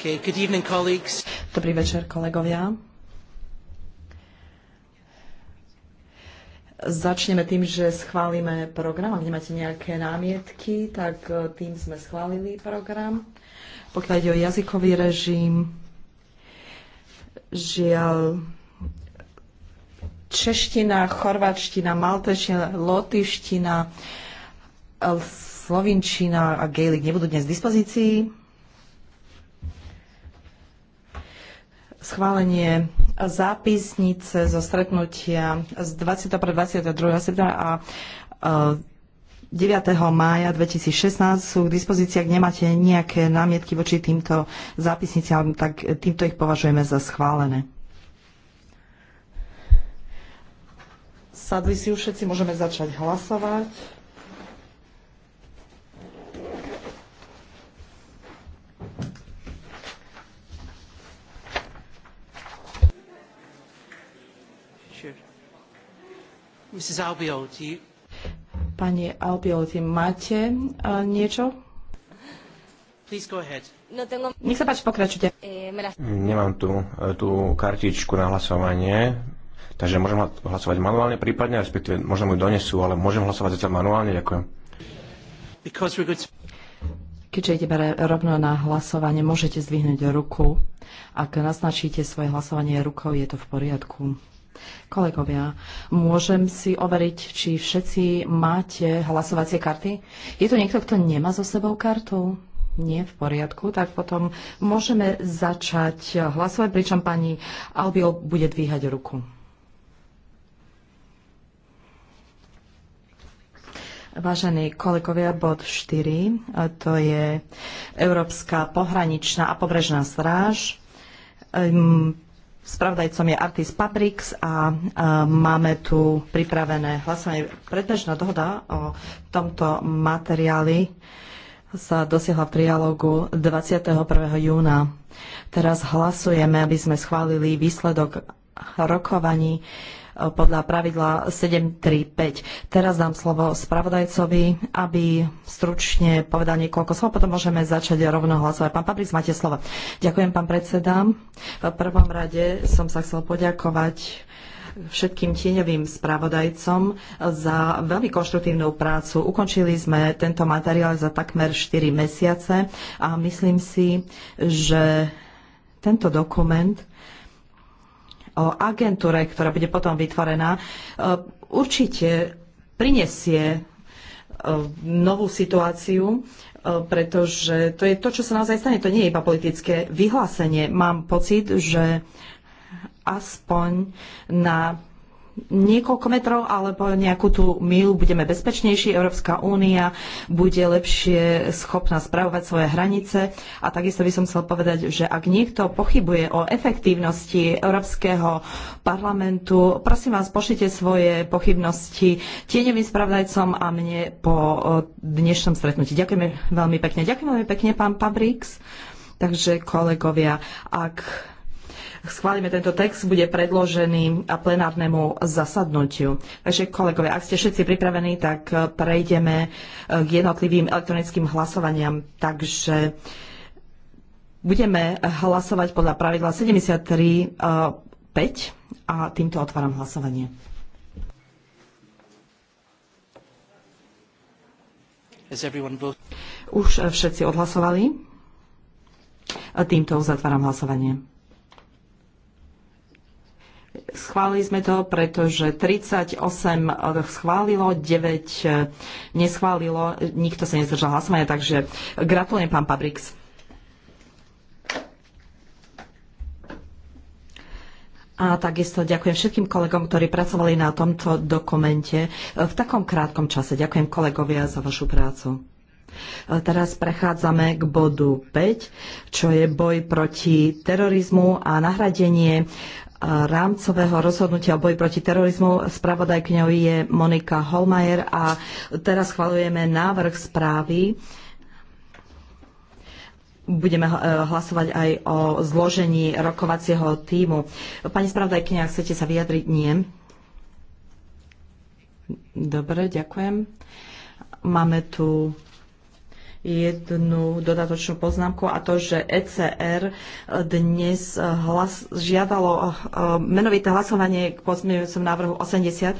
Okay, good evening, colleagues. Dobrý večer, kolegovia. Začneme tým, že schválime program. Ak nemáte nejaké námietky, tak e, tým sme schválili program. Pokiaľ ide o jazykový režim, žiaľ, čeština, chorvačtina, malteština, lotyština, slovinčina a gejlik nebudú dnes v dispozícii schválenie zápisnice zo stretnutia z 20. 22. a 9. E, mája 2016 sú k dispozícii, ak nemáte nejaké námietky voči týmto zápisniciam, tak týmto ich považujeme za schválené. Sadli si už všetci, môžeme začať hlasovať. Mrs. Albiol, do you... Pani Albiol, máte uh, niečo? go ahead. No tengo... Nech sa páči, pokračujte. Eh, Nemám tu eh, tú kartičku na hlasovanie, takže môžem hlasovať manuálne prípadne, respektíve možno mu donesú, ale môžem hlasovať zatiaľ manuálne, ďakujem. Keďže ideme rovno na hlasovanie, môžete zdvihnúť ruku. Ak naznačíte svoje hlasovanie rukou, je to v poriadku. Kolegovia, môžem si overiť, či všetci máte hlasovacie karty? Je tu niekto, kto nemá so sebou kartu? Nie, v poriadku. Tak potom môžeme začať hlasovať, pričom pani Albiol bude dvíhať ruku. Vážení kolegovia, bod 4, to je Európska pohraničná a pobrežná stráž ehm, Spravodajcom je Artis Paprix a, a máme tu pripravené hlasovanie. Predbežná dohoda o tomto materiáli sa dosiahla v trialógu 21. júna. Teraz hlasujeme, aby sme schválili výsledok rokovaní podľa pravidla 735. Teraz dám slovo spravodajcovi, aby stručne povedal niekoľko slov, potom môžeme začať rovno hlasovať. Pán Pabriks, máte slovo. Ďakujem, pán predseda. V prvom rade som sa chcel poďakovať všetkým tieňovým spravodajcom za veľmi konštruktívnu prácu. Ukončili sme tento materiál za takmer 4 mesiace a myslím si, že tento dokument o agentúre, ktorá bude potom vytvorená, e, určite prinesie e, novú situáciu, e, pretože to je to, čo sa naozaj stane. To nie je iba politické vyhlásenie. Mám pocit, že aspoň na niekoľko metrov alebo nejakú tú milu, budeme bezpečnejší, Európska únia bude lepšie schopná spravovať svoje hranice a takisto by som chcel povedať, že ak niekto pochybuje o efektívnosti Európskeho parlamentu, prosím vás, pošlite svoje pochybnosti tieňovým spravodajcom a mne po dnešnom stretnutí. Ďakujeme veľmi pekne. Ďakujem veľmi pekne, pán Pabrix. Takže kolegovia, ak schválime tento text, bude predložený plenárnemu zasadnutiu. Takže kolegovia, ak ste všetci pripravení, tak eh, prejdeme eh, k jednotlivým elektronickým hlasovaniam. Takže eh, budeme hlasovať podľa pravidla 73.5 a týmto otváram hlasovanie. Už všetci odhlasovali? Týmto uzatváram hlasovanie. Schválili sme to, pretože 38 eh, schválilo, 9 eh, neschválilo, nikto sa nezdržal hlasovania, takže gratulujem pán Pabrix. A takisto ďakujem všetkým kolegom, ktorí pracovali na tomto dokumente eh, v takom krátkom čase. Ďakujem kolegovia za vašu prácu. Teraz prechádzame k bodu 5, čo je boj proti terorizmu a nahradenie rámcového rozhodnutia o boji proti terorizmu. Spravodajkňou je Monika Holmajer a teraz schvalujeme návrh správy. Budeme eh, hlasovať aj o zložení rokovacieho týmu. Pani spravodajkňa, chcete sa vyjadriť? Nie. Dobre, ďakujem. Máme tu jednu dodatočnú poznámku a to, že ECR dnes hlas, žiadalo eh, menovité hlasovanie k pozmeňujúcom návrhu 80.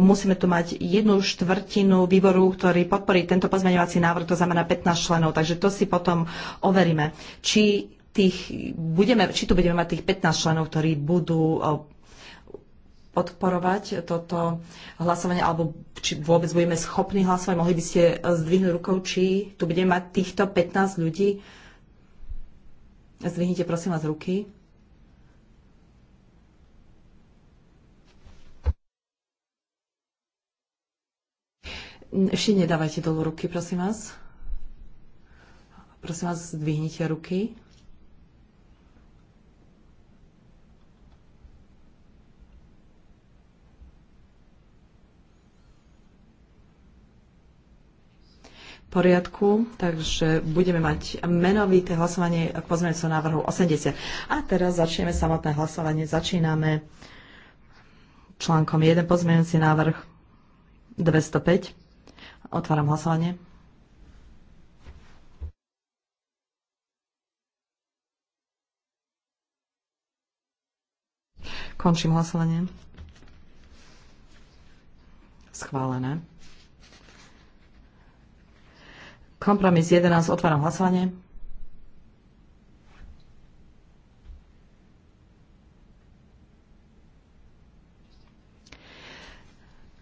Musíme tu mať jednu štvrtinu výboru, ktorý podporí tento pozmeňovací návrh, to znamená 15 členov, takže to si potom overíme. Či tých budeme, či tu budeme mať tých 15 členov, ktorí budú eh, podporovať toto hlasovanie, alebo či vôbec budeme schopní hlasovať. Mohli by ste eh, zdvihnúť rukou, či tu budeme mať týchto 15 ľudí. Zdvihnite prosím vás ruky. Ešte nedávajte dolu ruky, prosím vás. Prosím vás, zdvihnite ruky. poriadku, takže budeme mať menovité hlasovanie k pozmeňujúcemu návrhu 80. A teraz začneme samotné hlasovanie. Začíname článkom 1 pozmeňujúci návrh 205. Otváram hlasovanie. Končím hlasovanie. Schválené. Kompromis 11. Otváram hlasovanie.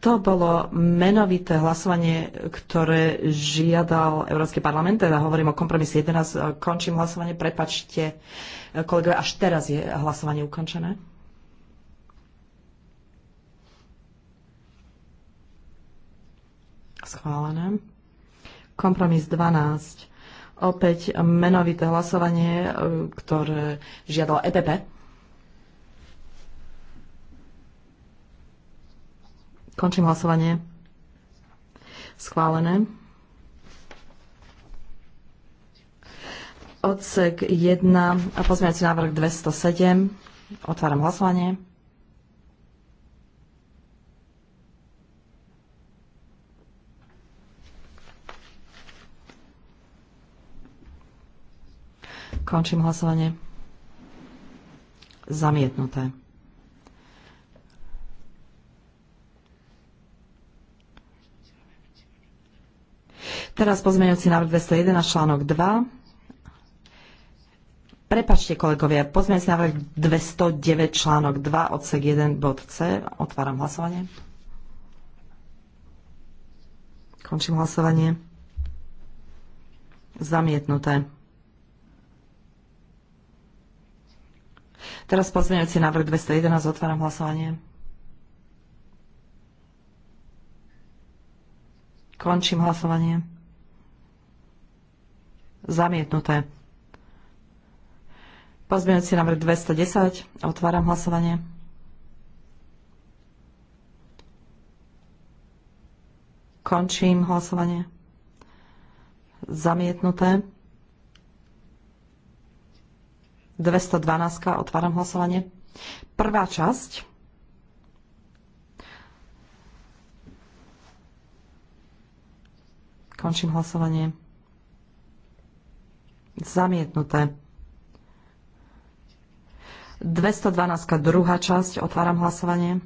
To bolo menovité hlasovanie, ktoré žiadal Európsky parlament, teda hovorím o kompromise 11, končím hlasovanie, prepačte, kolegovia, až teraz je hlasovanie ukončené. Schválené. Kompromis 12. Opäť menovité hlasovanie, e, ktoré žiadal EPP. Končím hlasovanie. Schválené. Odsek 1 a pozmeňací návrh 207. Otváram hlasovanie. Končím hlasovanie. Zamietnuté. Teraz pozmeňujúci návrh 201 a článok 2. Prepačte, kolegovia, pozmeňujúci návrh 209 článok 2 odsek 1 bod C. Otváram hlasovanie. Končím hlasovanie. Zamietnuté. Teraz pozmeňujúci návrh 211. Otváram hlasovanie. Končím hlasovanie. Zamietnuté. Pozmeňujúci návrh 210. Otváram hlasovanie. Končím hlasovanie. Zamietnuté. 212. Otváram hlasovanie. Prvá časť. Končím hlasovanie. Zamietnuté. 212. druhá časť. Otváram hlasovanie.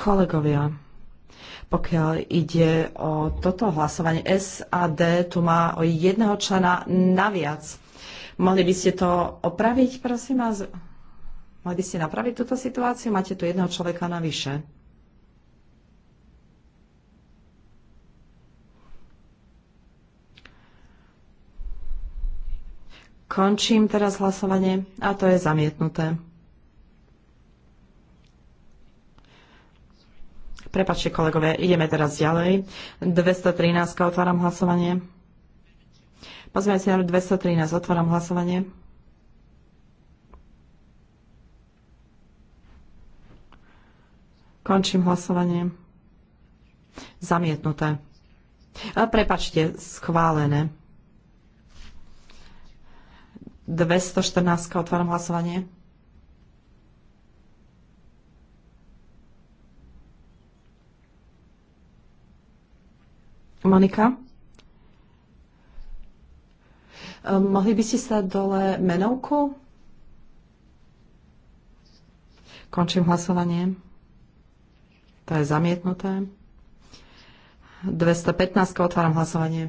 Kolegovia, pokiaľ ide o toto hlasovanie, SAD tu má o jedného člena naviac. Mohli by ste to opraviť, prosím vás? Mohli by ste napraviť túto situáciu? Máte tu jedného človeka navyše. Končím teraz hlasovanie a to je zamietnuté. Prepačte, kolegové, ideme teraz ďalej. 213. Otváram hlasovanie. Pozvanie si na 213. Otváram hlasovanie. Končím hlasovanie. Zamietnuté. A prepačte, schválené. 214. Otváram hlasovanie. Monika? Ehm, mohli by ste sa dole menovku? Končím hlasovanie. To je zamietnuté. 215. Otváram hlasovanie.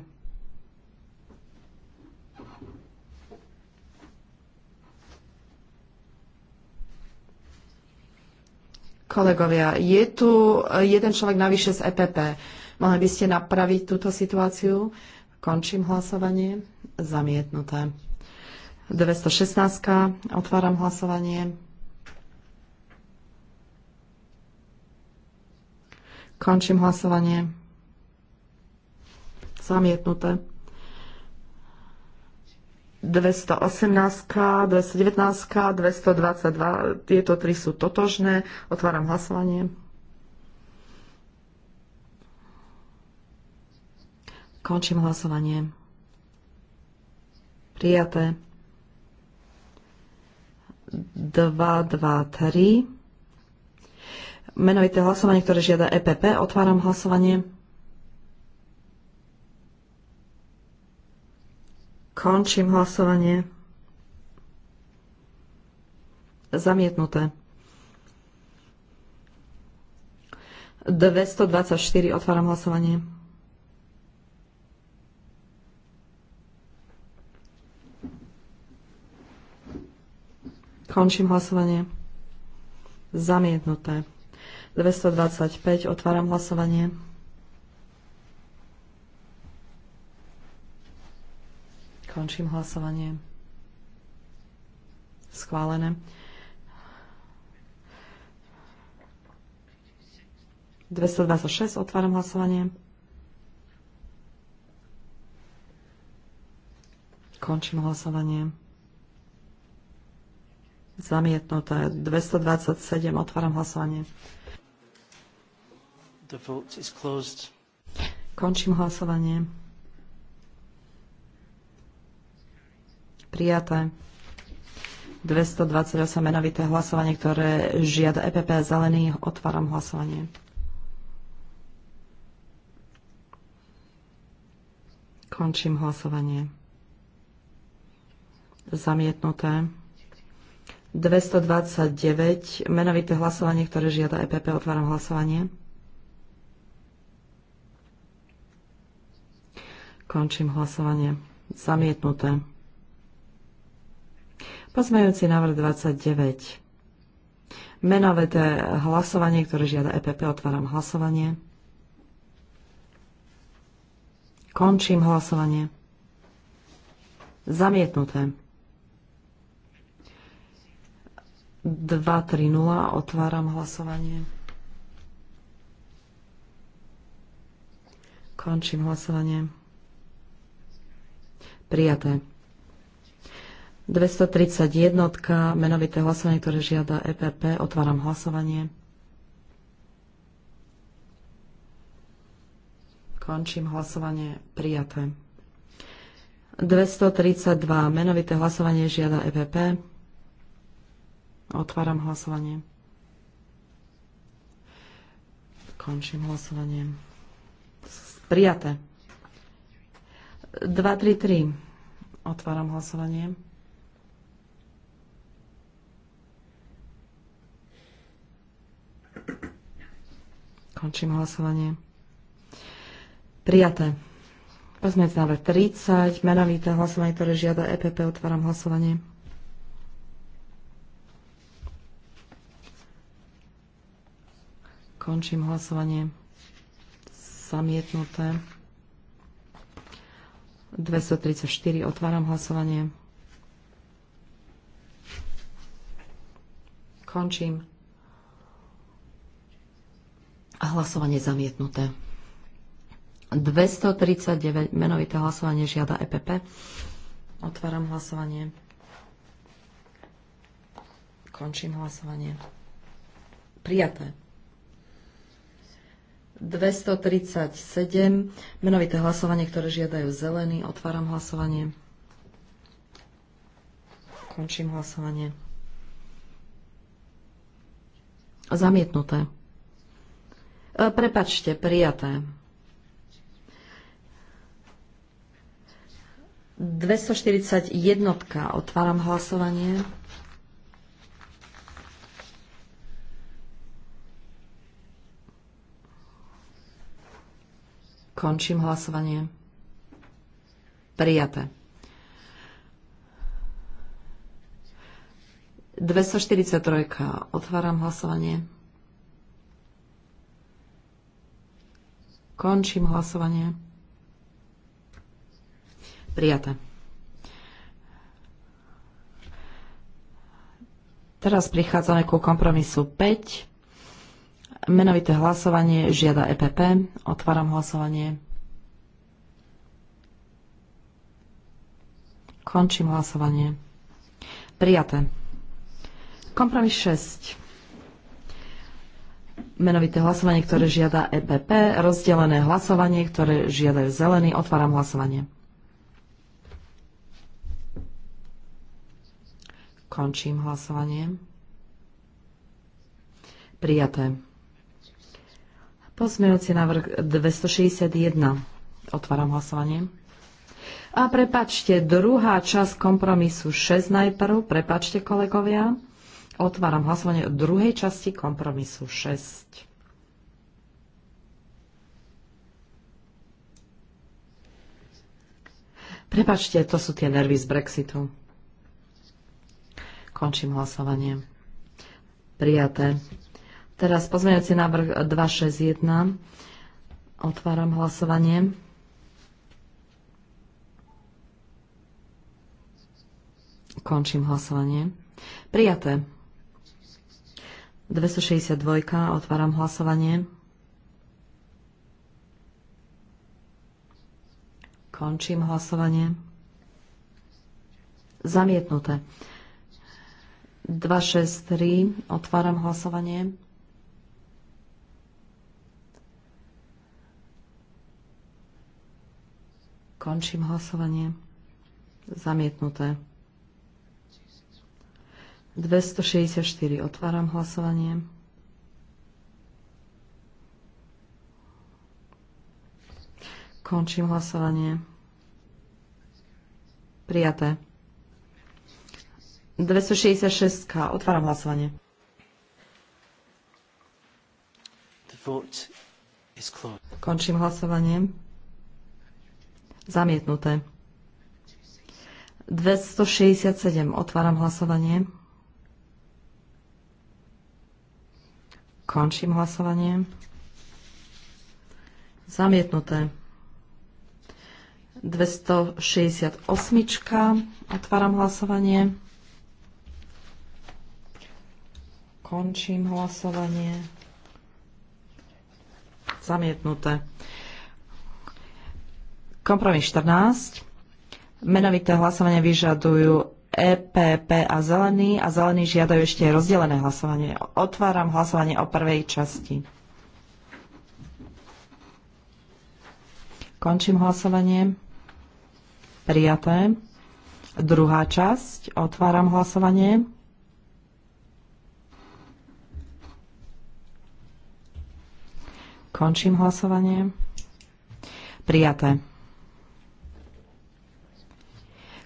Kolegovia, je tu eh, jeden človek navyše z EPP. Mohli by ste napraviť túto situáciu? Končím hlasovanie. Zamietnuté. 216. Otváram hlasovanie. Končím hlasovanie. Zamietnuté. 218, 219, 222, tieto tri sú totožné. Otváram hlasovanie. Končím hlasovanie. Prijaté. 2, 2, 3. Menovité hlasovanie, ktoré žiada EPP. Otváram hlasovanie. Končím hlasovanie. Zamietnuté. 224. Otváram hlasovanie. Končím hlasovanie. Zamietnuté. 225. Otváram hlasovanie. Končím hlasovanie. Schválené. 226. Otváram hlasovanie. Končím hlasovanie. Zamietnuté. 227. Otváram hlasovanie. The vote is closed. Končím hlasovanie. Prijaté. 228 menovité hlasovanie, ktoré žiada EPP a zelený. Otváram hlasovanie. Končím hlasovanie. Zamietnuté. 229, menovité hlasovanie, ktoré žiada EPP, otváram hlasovanie. Končím hlasovanie. Zamietnuté. Pozmejúci návrh 29. Menovité hlasovanie, ktoré žiada EPP, otváram hlasovanie. Končím hlasovanie. Zamietnuté. 230. Otváram hlasovanie. Končím hlasovanie. Prijaté. 231. Menovité hlasovanie, ktoré žiada EPP. Otváram hlasovanie. Končím hlasovanie. Prijaté. 232. Menovité hlasovanie žiada EPP. Otváram hlasovanie. Končím hlasovanie. Prijaté. 233. Otváram hlasovanie. Končím hlasovanie. Prijaté. Pozmeňte návrh 30, menovité hlasovanie, ktoré žiada EPP, otváram hlasovanie. Končím hlasovanie. Zamietnuté. 234. Otváram hlasovanie. Končím. A hlasovanie zamietnuté. 239. Menovité hlasovanie žiada EPP. Otváram hlasovanie. Končím hlasovanie. Prijaté. 237, menovité hlasovanie, ktoré žiadajú zelený. Otváram hlasovanie. Končím hlasovanie. Zamietnuté. E, prepačte, prijaté. 241. Otváram hlasovanie. Končím hlasovanie. Prijaté. 243. Otváram hlasovanie. Končím hlasovanie. Prijaté. Teraz prichádzame ku kompromisu 5. Menovité hlasovanie žiada EPP. Otváram hlasovanie. Končím hlasovanie. Prijaté. Kompromis 6. Menovité hlasovanie, ktoré žiada EPP. Rozdelené hlasovanie, ktoré žiadajú zelený. Otváram hlasovanie. Končím hlasovanie. Prijaté. Pozmeňujúci návrh 261. Otváram hlasovanie. A prepačte, druhá časť kompromisu 6 najprv. Prepačte, kolegovia. Otváram hlasovanie o druhej časti kompromisu 6. Prepačte, to sú tie nervy z Brexitu. Končím hlasovanie. Prijaté. Teraz pozmeňujúci návrh 261. Otváram hlasovanie. Končím hlasovanie. Prijaté. 262. Otváram hlasovanie. Končím hlasovanie. Zamietnuté. 263. Otváram hlasovanie. Končím hlasovanie. Zamietnuté. 264. Otváram hlasovanie. Končím hlasovanie. Prijaté. 266. Otváram hlasovanie. Končím hlasovanie. Zamietnuté. 267. Otváram hlasovanie. Končím hlasovanie. Zamietnuté. 268. Otváram hlasovanie. Končím hlasovanie. Zamietnuté. Kompromis 14. Menovité hlasovanie vyžadujú EPP a Zelený a Zelený žiadajú ešte rozdelené hlasovanie. Otváram hlasovanie o prvej časti. Končím hlasovanie. Prijaté. Druhá časť. Otváram hlasovanie. Končím hlasovanie. Prijaté.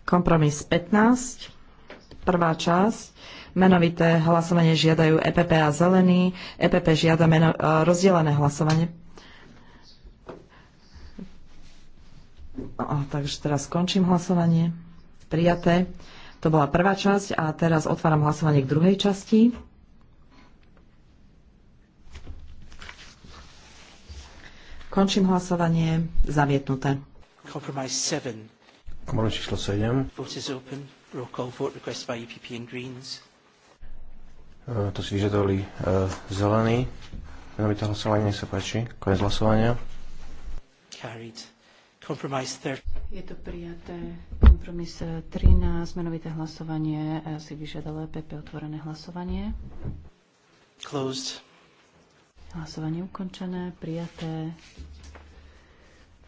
Kompromis 15, prvá časť. Menovité hlasovanie žiadajú EPP a Zelený. EPP žiada meno, e, rozdelené hlasovanie. O, takže teraz skončím hlasovanie. Prijaté. To bola prvá časť a teraz otváram hlasovanie k druhej časti. Končím hlasovanie. Zamietnuté. 7 číslo 7. E e, to si vyžadovali uh, zelení. Menovité hlasovanie, nech sa páči. Konec hlasovania. Je to prijaté. Kompromis 13, menovité hlasovanie si vyžadalo EPP otvorené hlasovanie. Closed. Hlasovanie ukončené, prijaté.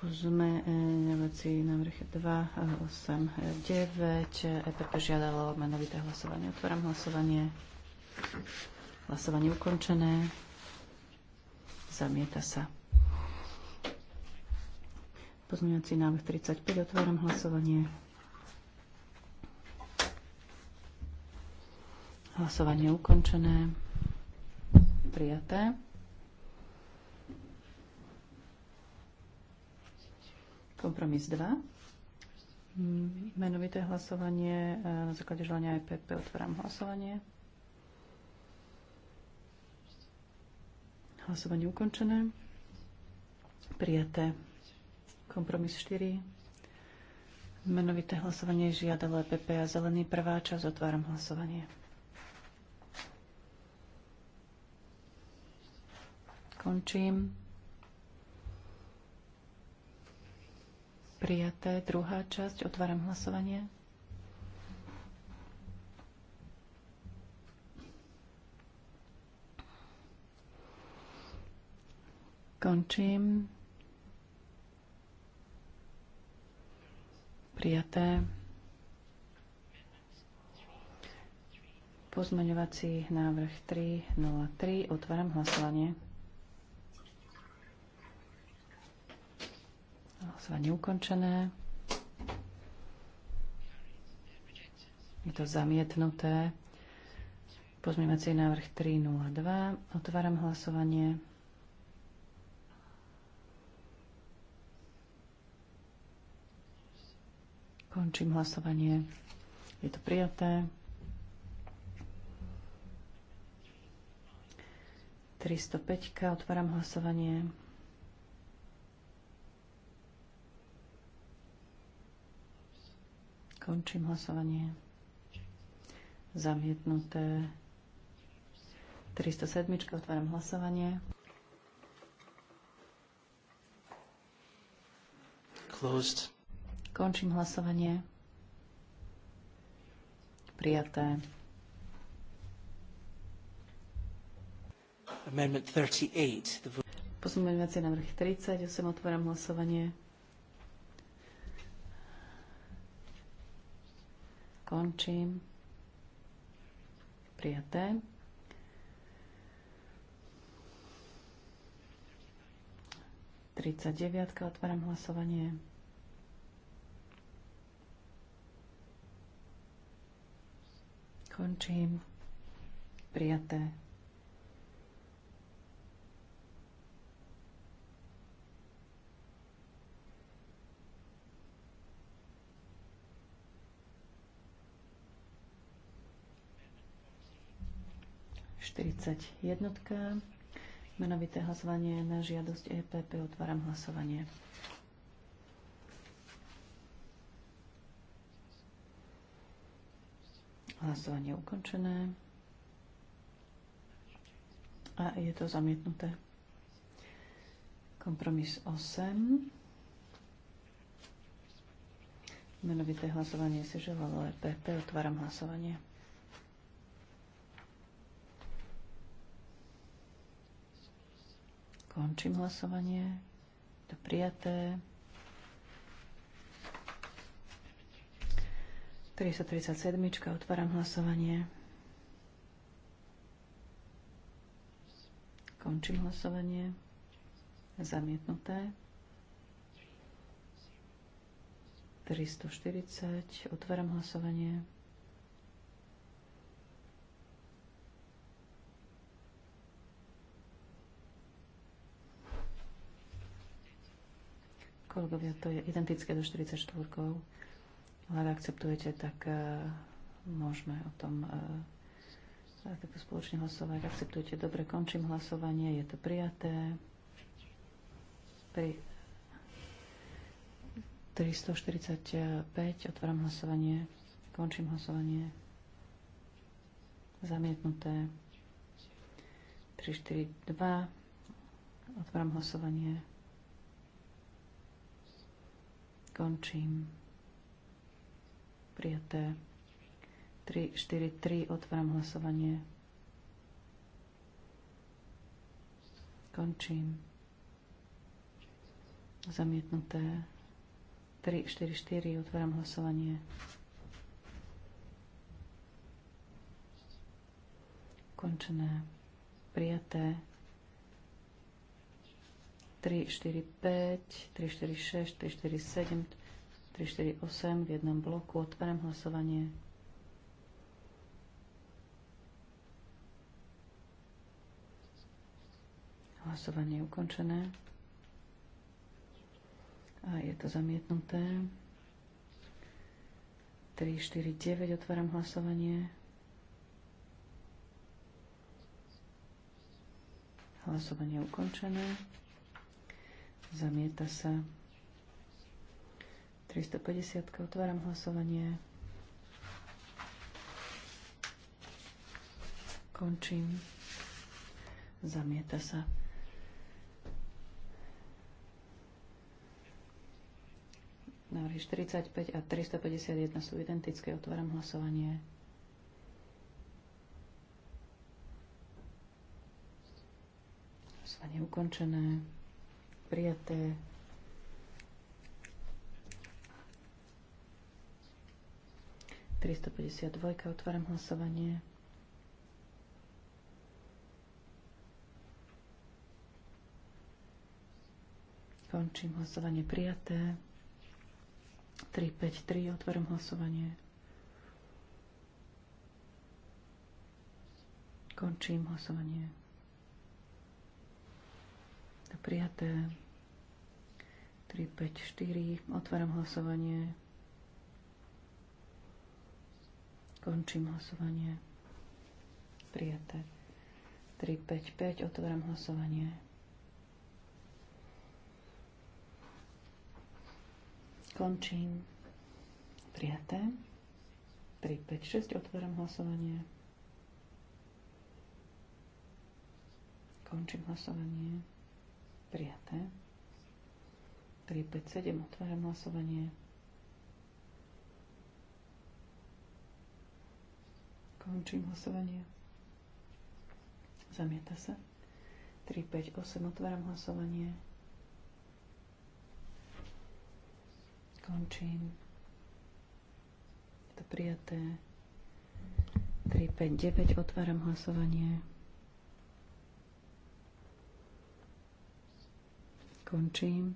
E, na vrche 2, 8, 9. EPP žiadalo menovité hlasovanie. Otváram hlasovanie. Hlasovanie ukončené. Zamieta sa. Pozmeňovací návrh 35. Otváram hlasovanie. Hlasovanie ukončené. Prijaté. Kompromis 2. Menovité hlasovanie e, na základe želania EPP. Otváram hlasovanie. Hlasovanie ukončené. Prijaté. Kompromis 4. Menovité hlasovanie žiadalo EPP a zelený prvá časť. Otváram hlasovanie. Končím. Prijaté. Druhá časť. Otváram hlasovanie. Končím. Prijaté. Pozmeňovací návrh 303. Otváram hlasovanie. ani ukončené. Je to zamietnuté. Pozmievací návrh 302. Otváram hlasovanie. Končím hlasovanie. Je to prijaté. 305. Otváram hlasovanie. Končím hlasovanie. Zamietnuté. 307. Otváram hlasovanie. Closed. Končím hlasovanie. Prijaté. Amendment 38. na návrh 38. Otváram hlasovanie. Končím. Prijaté. Tridsať deviatka, otváram hlasovanie. Končím. Prijaté. 41. Menovité hlasovanie na žiadosť EPP. Otváram hlasovanie. Hlasovanie ukončené. A je to zamietnuté. Kompromis 8. Menovité hlasovanie si želalo EPP. Otváram hlasovanie. Končím hlasovanie. To prijaté. 337. Otváram hlasovanie. Končím hlasovanie. Zamietnuté. 340. Otváram hlasovanie. Kolegovia, to je identické do 44. Ale ak akceptujete, tak e, môžeme o tom e, e, takto spoločne hlasovať. Akceptujete? Dobre, končím hlasovanie. Je to prijaté. Pri 345 otváram hlasovanie. Končím hlasovanie. Zamietnuté. 342 otváram hlasovanie. Končím. Prijaté. 3, 4, 3. Otváram hlasovanie. Končím. Zamietnuté. 3, 4, 4. Otváram hlasovanie. Končené. Prijaté. 3, 4, 5, 3, 4, 6, 3, 4, 7, 3, 4, 8 v jednom bloku. Otváram hlasovanie. Hlasovanie je ukončené. A je to zamietnuté. 3, 4, 9. Otváram hlasovanie. Hlasovanie je ukončené. Zamieta sa. 350. Otváram hlasovanie. Končím. Zamieta sa. 45 a 351 sú identické. Otváram hlasovanie. Hlasovanie ukončené prijaté. Tristo päťdesiat dvojka, otváram hlasovanie. Končím hlasovanie prijaté. 353, otvorím hlasovanie. Končím hlasovanie. Prijaté. 3, 5, 4. Otváram hlasovanie. Končím hlasovanie. Prijaté. 3, 5, 5. Otváram hlasovanie. Končím. Prijaté. 3, 5, 6. Otváram hlasovanie. Končím hlasovanie. Prijaté. 7, Otváram hlasovanie. Končím hlasovanie. Zamieta sa. 3 8, Otváram hlasovanie. Končím. Je to prijaté. 9, Otváram hlasovanie. Končím.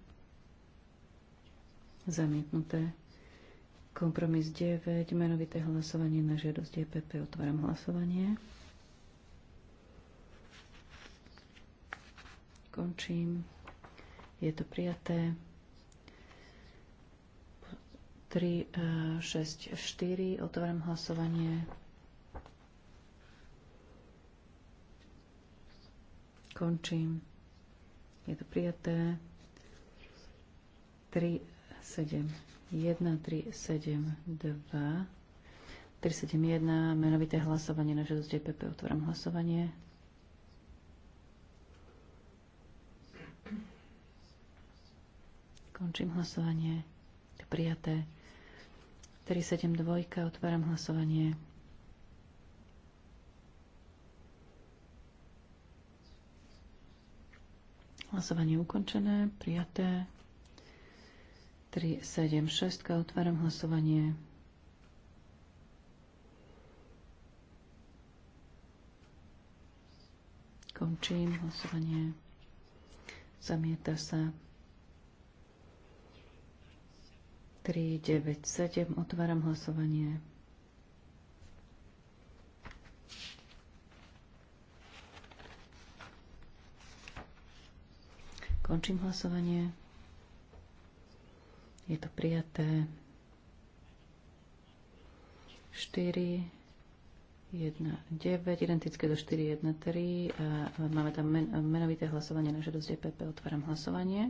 Zamietnuté. Kompromis 9, menovité hlasovanie na žiadosť DPP. E Otváram hlasovanie. Končím. Je to prijaté. 3, 6, 4. Otváram hlasovanie. Končím. Je to prijaté. 3, 7, 1, 3, 7, 2, 3, 1, menovité hlasovanie na žiadosť DPP. Otváram hlasovanie. Končím hlasovanie. Prijaté. 2, otváram hlasovanie. Hlasovanie ukončené, prijaté. 3, 7, 6. Otváram hlasovanie. Končím hlasovanie. Zamieta sa. 3, 9, 7. Otváram hlasovanie. Končím hlasovanie. Je to prijaté. 4, 1, 9, identické do 4, 1, 3. A máme tam men, menovité hlasovanie na žiadosť DPP. Otváram hlasovanie.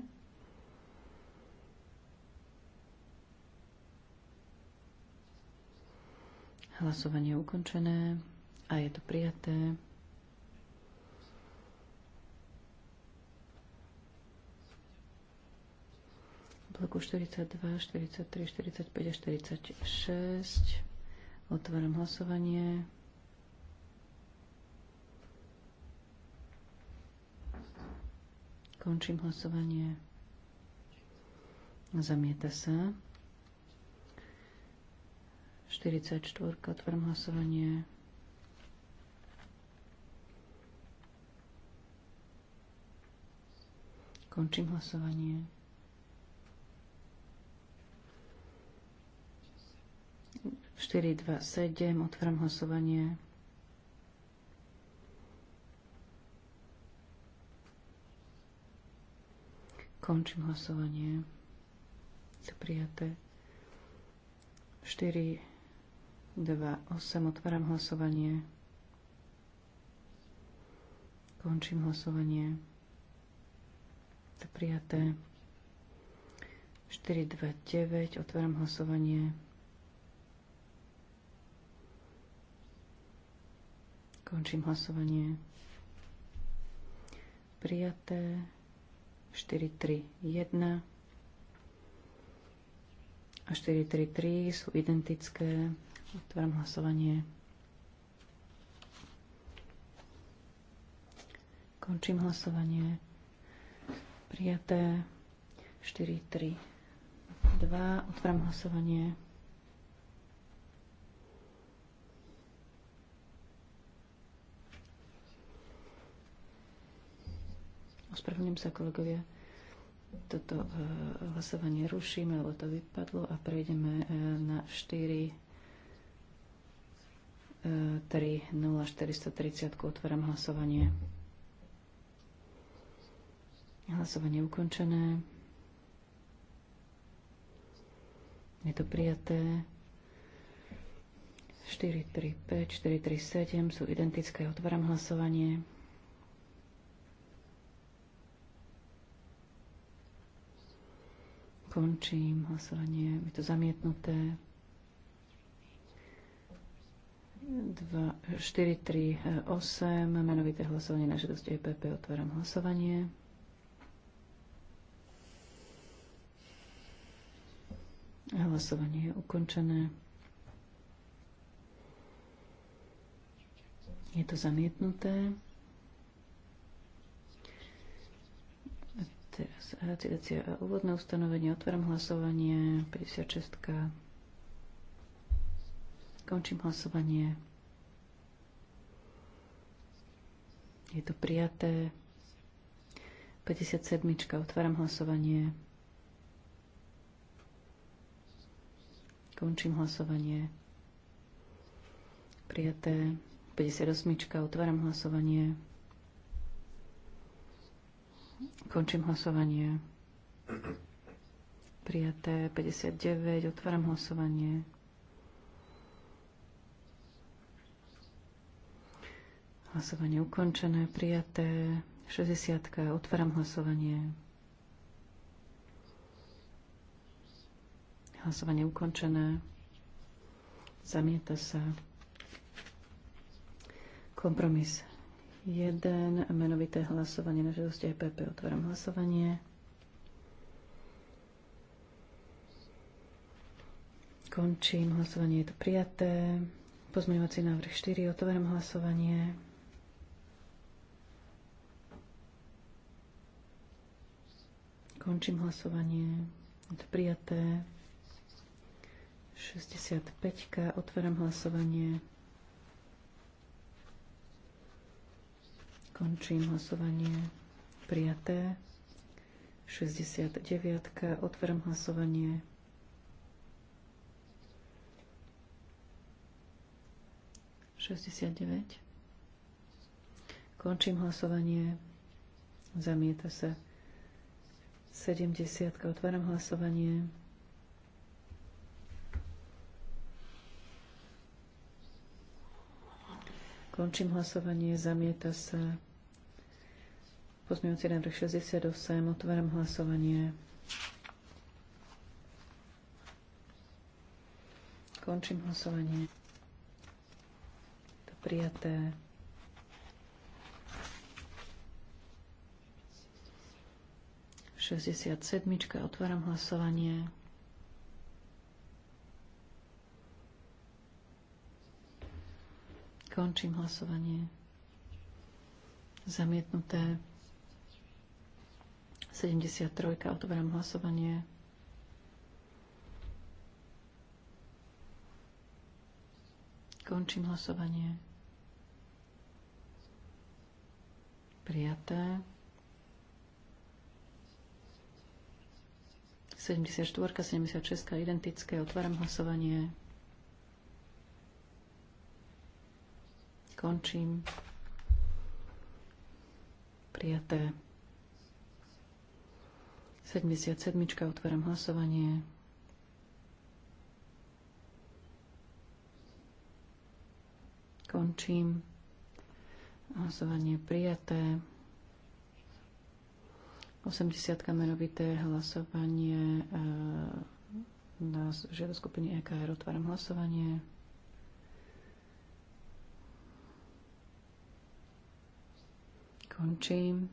Hlasovanie je ukončené a je to prijaté. bloku 42, 43, 45 a 46. Otváram hlasovanie. Končím hlasovanie. Zamieta sa. 44. Otváram hlasovanie. Končím hlasovanie. 4, 2, 7, Otváram hlasovanie. Končím hlasovanie. Je prijaté. 4, 2, 8. Otváram hlasovanie. Končím hlasovanie. Je prijaté. 4, 2, 9. Otváram hlasovanie. Končím hlasovanie. Prijaté 4, 3, 1 a 4, 3, 3 sú identické. Otváram hlasovanie. Končím hlasovanie. Prijaté 4, 3, 2. Otváram hlasovanie. Ospravedlňujem sa, kolegovia. Toto eh, hlasovanie rušíme, lebo to vypadlo a prejdeme eh, na 4 3 0 430. Otváram hlasovanie. Hlasovanie ukončené. Je to prijaté. 435, 437 sú identické. Otváram hlasovanie. Končím hlasovanie. Je to zamietnuté. 2, 4, 3, 8. Menovité hlasovanie na žiadosť EPP. Otváram hlasovanie. Hlasovanie je ukončené. Je to zamietnuté. Teraz citácia a úvodné ustanovenie. Otváram hlasovanie. 56. Končím hlasovanie. Je to prijaté. 57. Otváram hlasovanie. Končím hlasovanie. Prijaté. 58. Otváram hlasovanie. Končím hlasovanie. Prijaté 59. Otváram hlasovanie. Hlasovanie ukončené, prijaté. 60. Otváram hlasovanie. Hlasovanie ukončené. Zamieta sa. Kompromis 1, menovité hlasovanie na žiadosti EPP. Otváram hlasovanie. Končím hlasovanie, je to prijaté. Pozmeňovací návrh 4, otváram hlasovanie. Končím hlasovanie, je to prijaté. 65, otváram hlasovanie. Končím hlasovanie. Prijaté. 69. Otvorím hlasovanie. Končím hlasovanie. Zamieta sa. 70. Otváram hlasovanie. Končím hlasovanie. Zamieta sa. Pozmeňujúci návrh 68. Otváram hlasovanie. Končím hlasovanie. To prijaté. Šesťdesiat sedmička. Otváram hlasovanie. Končím hlasovanie. Zamietnuté. 73. Otváram hlasovanie. Končím hlasovanie. Prijaté. 74, 76 identické. Otváram hlasovanie. Končím. Prijaté. 77. Otváram hlasovanie. Končím. Hlasovanie prijaté. 80. Kamerovité hlasovanie eh, na žiadosť skupiny EKR. Otváram hlasovanie. Končím.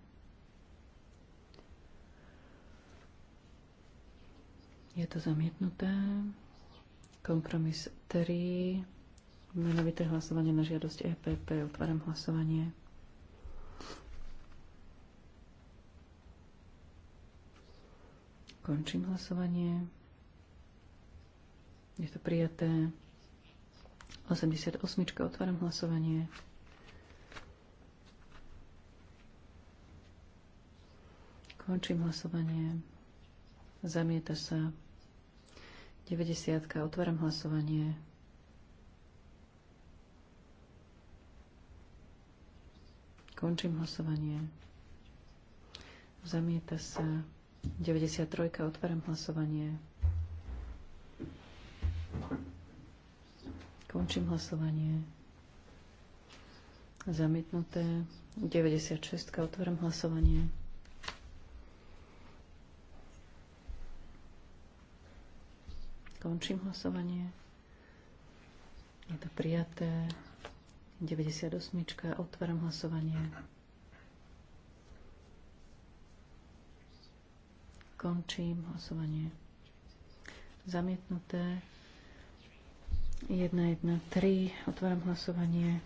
Je to zamietnuté. Kompromis 3. Menovité hlasovanie na žiadosť EPP. Otváram hlasovanie. Končím hlasovanie. Je to prijaté. 88. Otváram hlasovanie. Končím hlasovanie. Zamieta sa. 90. Otváram hlasovanie. Končím hlasovanie. Zamieta sa. 93. Otváram hlasovanie. Končím hlasovanie. Zamietnuté. 96. Otváram hlasovanie. Končím hlasovanie. Je to prijaté. 98. Otváram hlasovanie. Končím hlasovanie. Zamietnuté. 1, 1, 3. Otváram hlasovanie.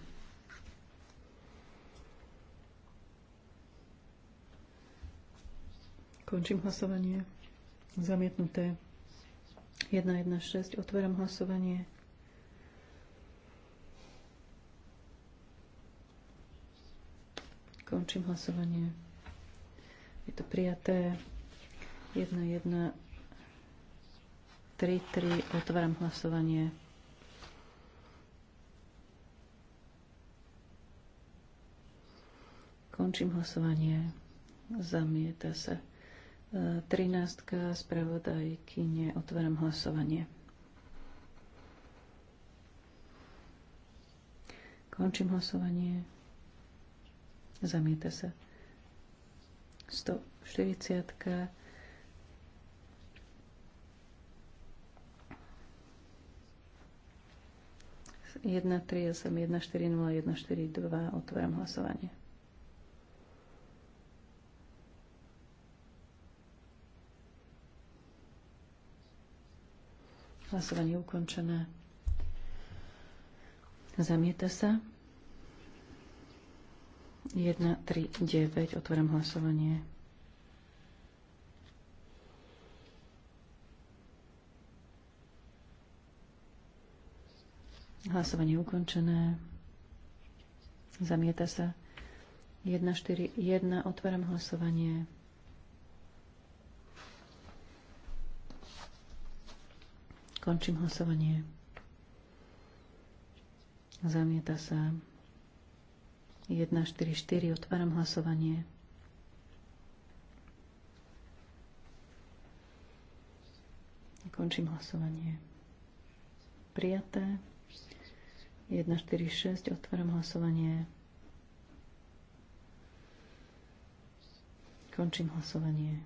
Končím hlasovanie. Zamietnuté. 116. Otváram hlasovanie. Končím hlasovanie. Je to prijaté. 1, 1, 3, 3. Otváram hlasovanie. Končím hlasovanie. Zamieta sa. 13. Spravodajkyne. Otváram hlasovanie. Končím hlasovanie. Zamieta sa. 140. jedna 3, 8, 1, štyri, nula, jedna, štyri, 2. Otváram hlasovanie. Hlasovanie ukončené. Zamieta sa. 1, 3, 9. Otvorím hlasovanie. Hlasovanie ukončené. Zamieta sa. 1, 4, 1. Otváram hlasovanie. Končím hlasovanie. Zamieta sa. 1, 4, 4. Otváram hlasovanie. Končím hlasovanie. Prijaté. 1, 4, 6. Otváram hlasovanie. Končím hlasovanie.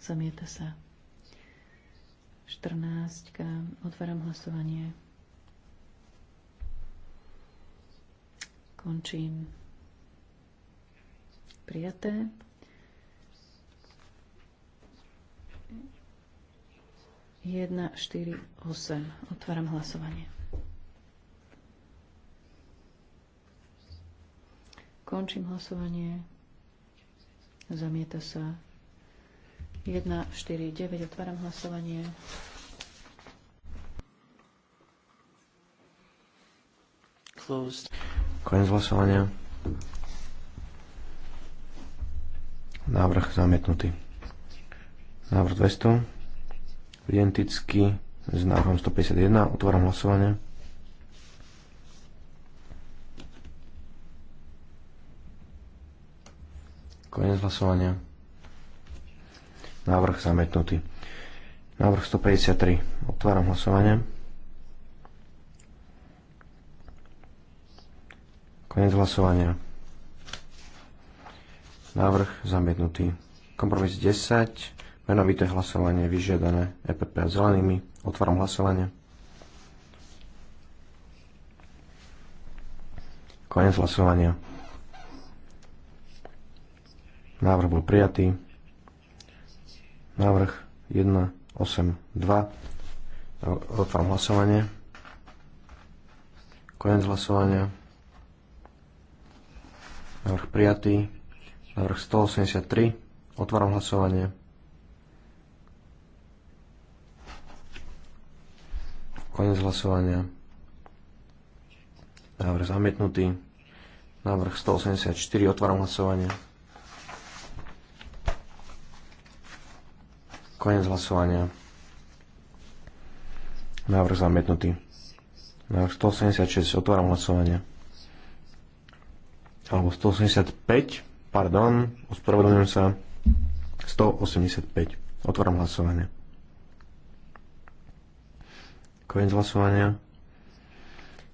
Zamieta sa. 14. Otváram hlasovanie. Končím. Prijaté. Jedna, štyri, osem. Otváram hlasovanie. Končím hlasovanie. Zamieta sa 1, 4, 9, Otváram hlasovanie. Closed. Koniec hlasovania. Návrh zamietnutý. Návrh 200. Identický s návrhom 151. Otváram hlasovanie. Koniec hlasovania. Návrh zamietnutý. Návrh 153. Otváram hlasovanie. Konec hlasovania. Návrh zamietnutý. Kompromis 10. Menovité hlasovanie vyžiadané EPP a zelenými. Otváram hlasovanie. Konec hlasovania. Návrh bol prijatý. Návrh 182. Otvám hlasovanie. Koniec hlasovania. Návrh prijatý. Návrh 183. Otváram hlasovanie. Koniec hlasovania. Návrh zamietnutý. Návrh 184. Otváram hlasovanie. Konec hlasovania. Návrh zamietnutý. Návrh 186. Otváram hlasovanie. Alebo 185. Pardon. Ospravedlňujem sa. 185. Otváram hlasovanie. Koniec hlasovania.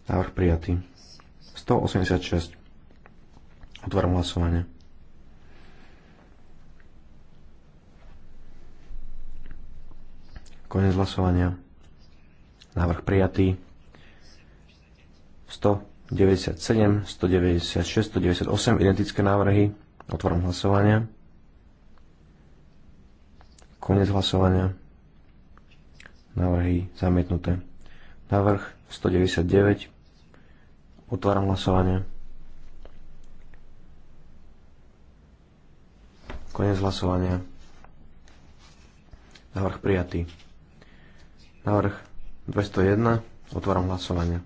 Návrh prijatý. 186. Otváram hlasovanie. Konec hlasovania. Návrh prijatý. 197, 196, 198 identické návrhy. Otvorom hlasovania. Konec hlasovania. Návrhy zamietnuté. Návrh 199. Otváram hlasovanie. Konec hlasovania. Návrh prijatý. Návrh 201. Otváram hlasovanie.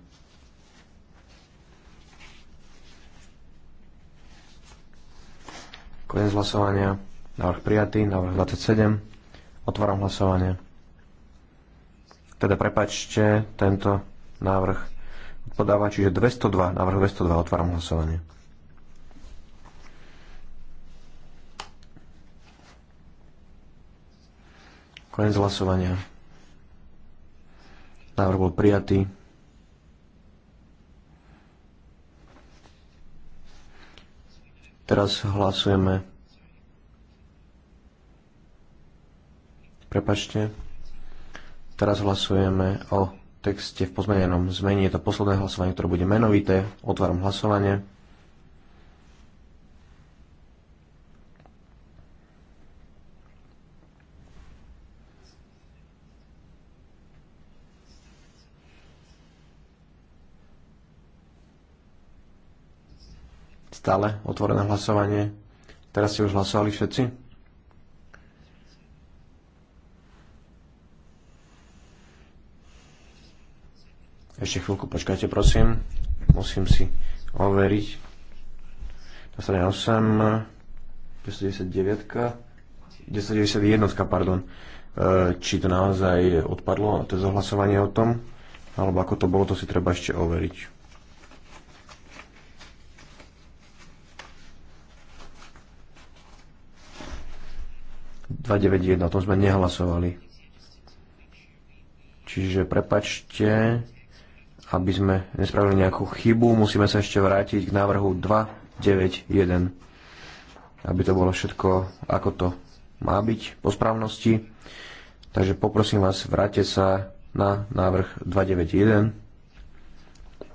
Koniec hlasovania. Návrh prijatý. Návrh 27. Otváram hlasovanie. Teda prepačte, tento návrh podáva, čiže 202. Návrh 202. Otváram hlasovanie. Koniec hlasovania. Návrh bol prijatý. Teraz hlasujeme. Prepačte. Teraz hlasujeme o texte v pozmenenom zmení. Je to posledné hlasovanie, ktoré bude menovité. Otváram hlasovanie. Stále otvorené hlasovanie. Teraz ste už hlasovali všetci? Ešte chvíľku počkajte, prosím. Musím si overiť. Na strane 8, 1091, pardon. E, či to naozaj odpadlo, to je zohlasovanie o tom, alebo ako to bolo, to si treba ešte overiť. 291, o tom sme nehlasovali. Čiže prepačte, aby sme nespravili nejakú chybu, musíme sa ešte vrátiť k návrhu 291, aby to bolo všetko, ako to má byť po správnosti. Takže poprosím vás, vráte sa na návrh 291.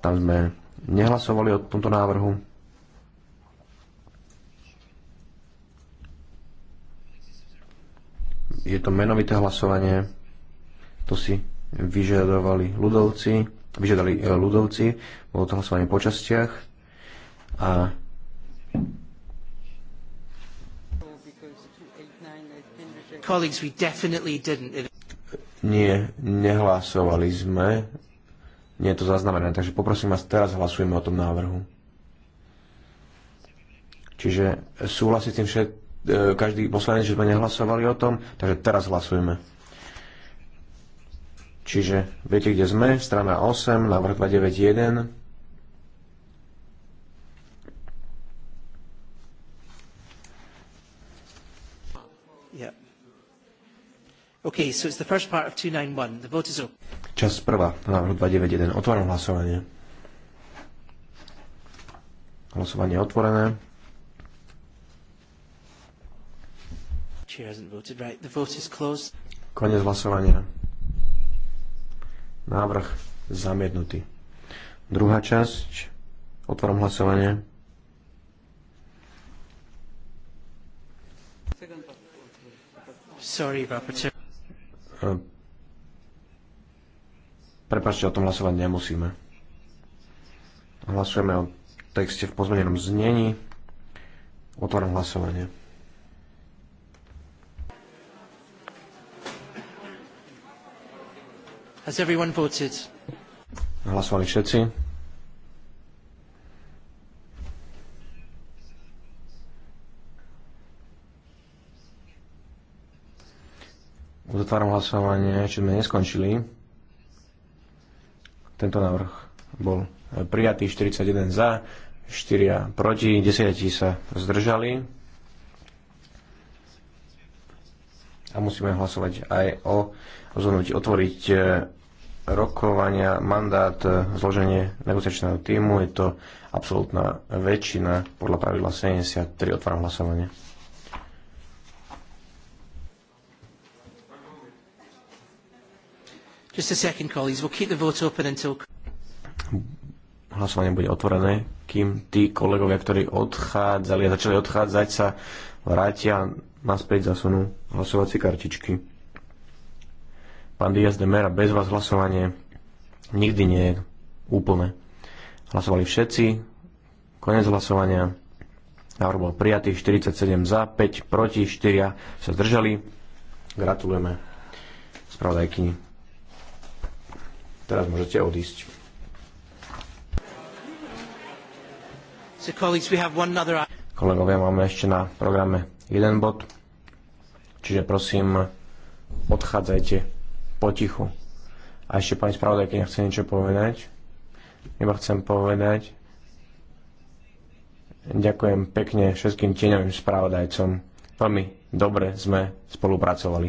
Tam sme nehlasovali o tomto návrhu. Je to menovité hlasovanie, to si vyžadovali ľudovci, vyžadali e, ľudovci, bolo to hlasovanie po častiach a Nie, nehlasovali sme. Nie je to zaznamenané, takže poprosím vás, teraz hlasujeme o tom návrhu. Čiže súhlasí s tým všetkým, E, každý poslanec, že sme nehlasovali o tom, takže teraz hlasujeme. Čiže viete, kde sme? Strana 8, návrh 291. Okay, so it's the first part of 291. The vote is open. Čas prvá, návrh 291. Otváram hlasovanie. Hlasovanie je otvorené. chair hasn't voted right. The vote is closed. Konec hlasovania. Návrh zamietnutý. Druhá časť. Otváram hlasovanie. Sorry, Prepačte, o tom hlasovať nemusíme. Hlasujeme o texte v pozmenenom znení. Otváram hlasovanie. Has everyone voted? Hlasovali všetci. Uzatváram hlasovanie, či sme neskončili. Tento návrh bol prijatý 41 za, 4 proti, 10 sa zdržali. a musíme hlasovať aj o rozhodnutí otvoriť rokovania, mandát, e, zloženie negociačného týmu. Je to absolútna väčšina podľa pravidla 73. Otváram hlasovanie. Just a second, colleagues. We'll keep the vote open until... Hlasovanie bude otvorené, kým tí kolegovia, ktorí odchádzali a začali odchádzať, sa vrátia naspäť zasunú hlasovacie kartičky. Pán Diaz de Mera, bez vás hlasovanie nikdy nie je úplné. Hlasovali všetci, konec hlasovania, návrh bol prijatý, 47 za, 5 proti, 4 sa zdržali. Gratulujeme spravodajkyni. Teraz môžete odísť. Kolegovia, máme ešte na programe jeden bod, čiže prosím, odchádzajte potichu. A ešte pani spravodajka nechce niečo povedať. Iba chcem povedať, ďakujem pekne všetkým tieňovým spravodajcom. Veľmi dobre sme spolupracovali.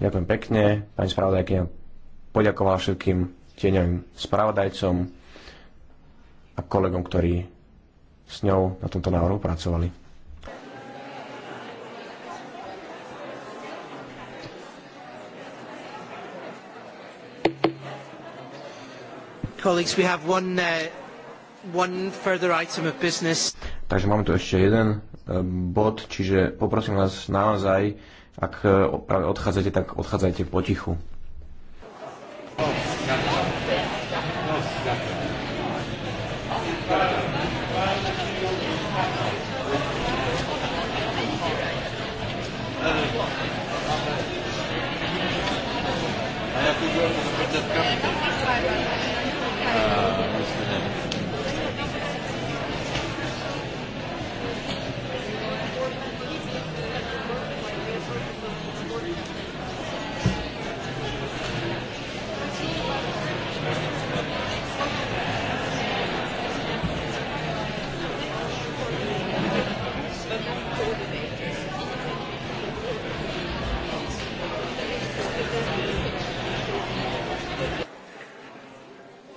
Ďakujem pekne. Pani spravodajkyňa poďakovala všetkým tieňovým spravodajcom a kolegom, ktorí s ňou na tomto návrhu pracovali. Colleagues, we have one, uh, one further item of business. Takže máme tu ešte jeden e, bod, čiže poprosím vás naozaj, ak e, práve odchádzate, tak odchádzajte potichu.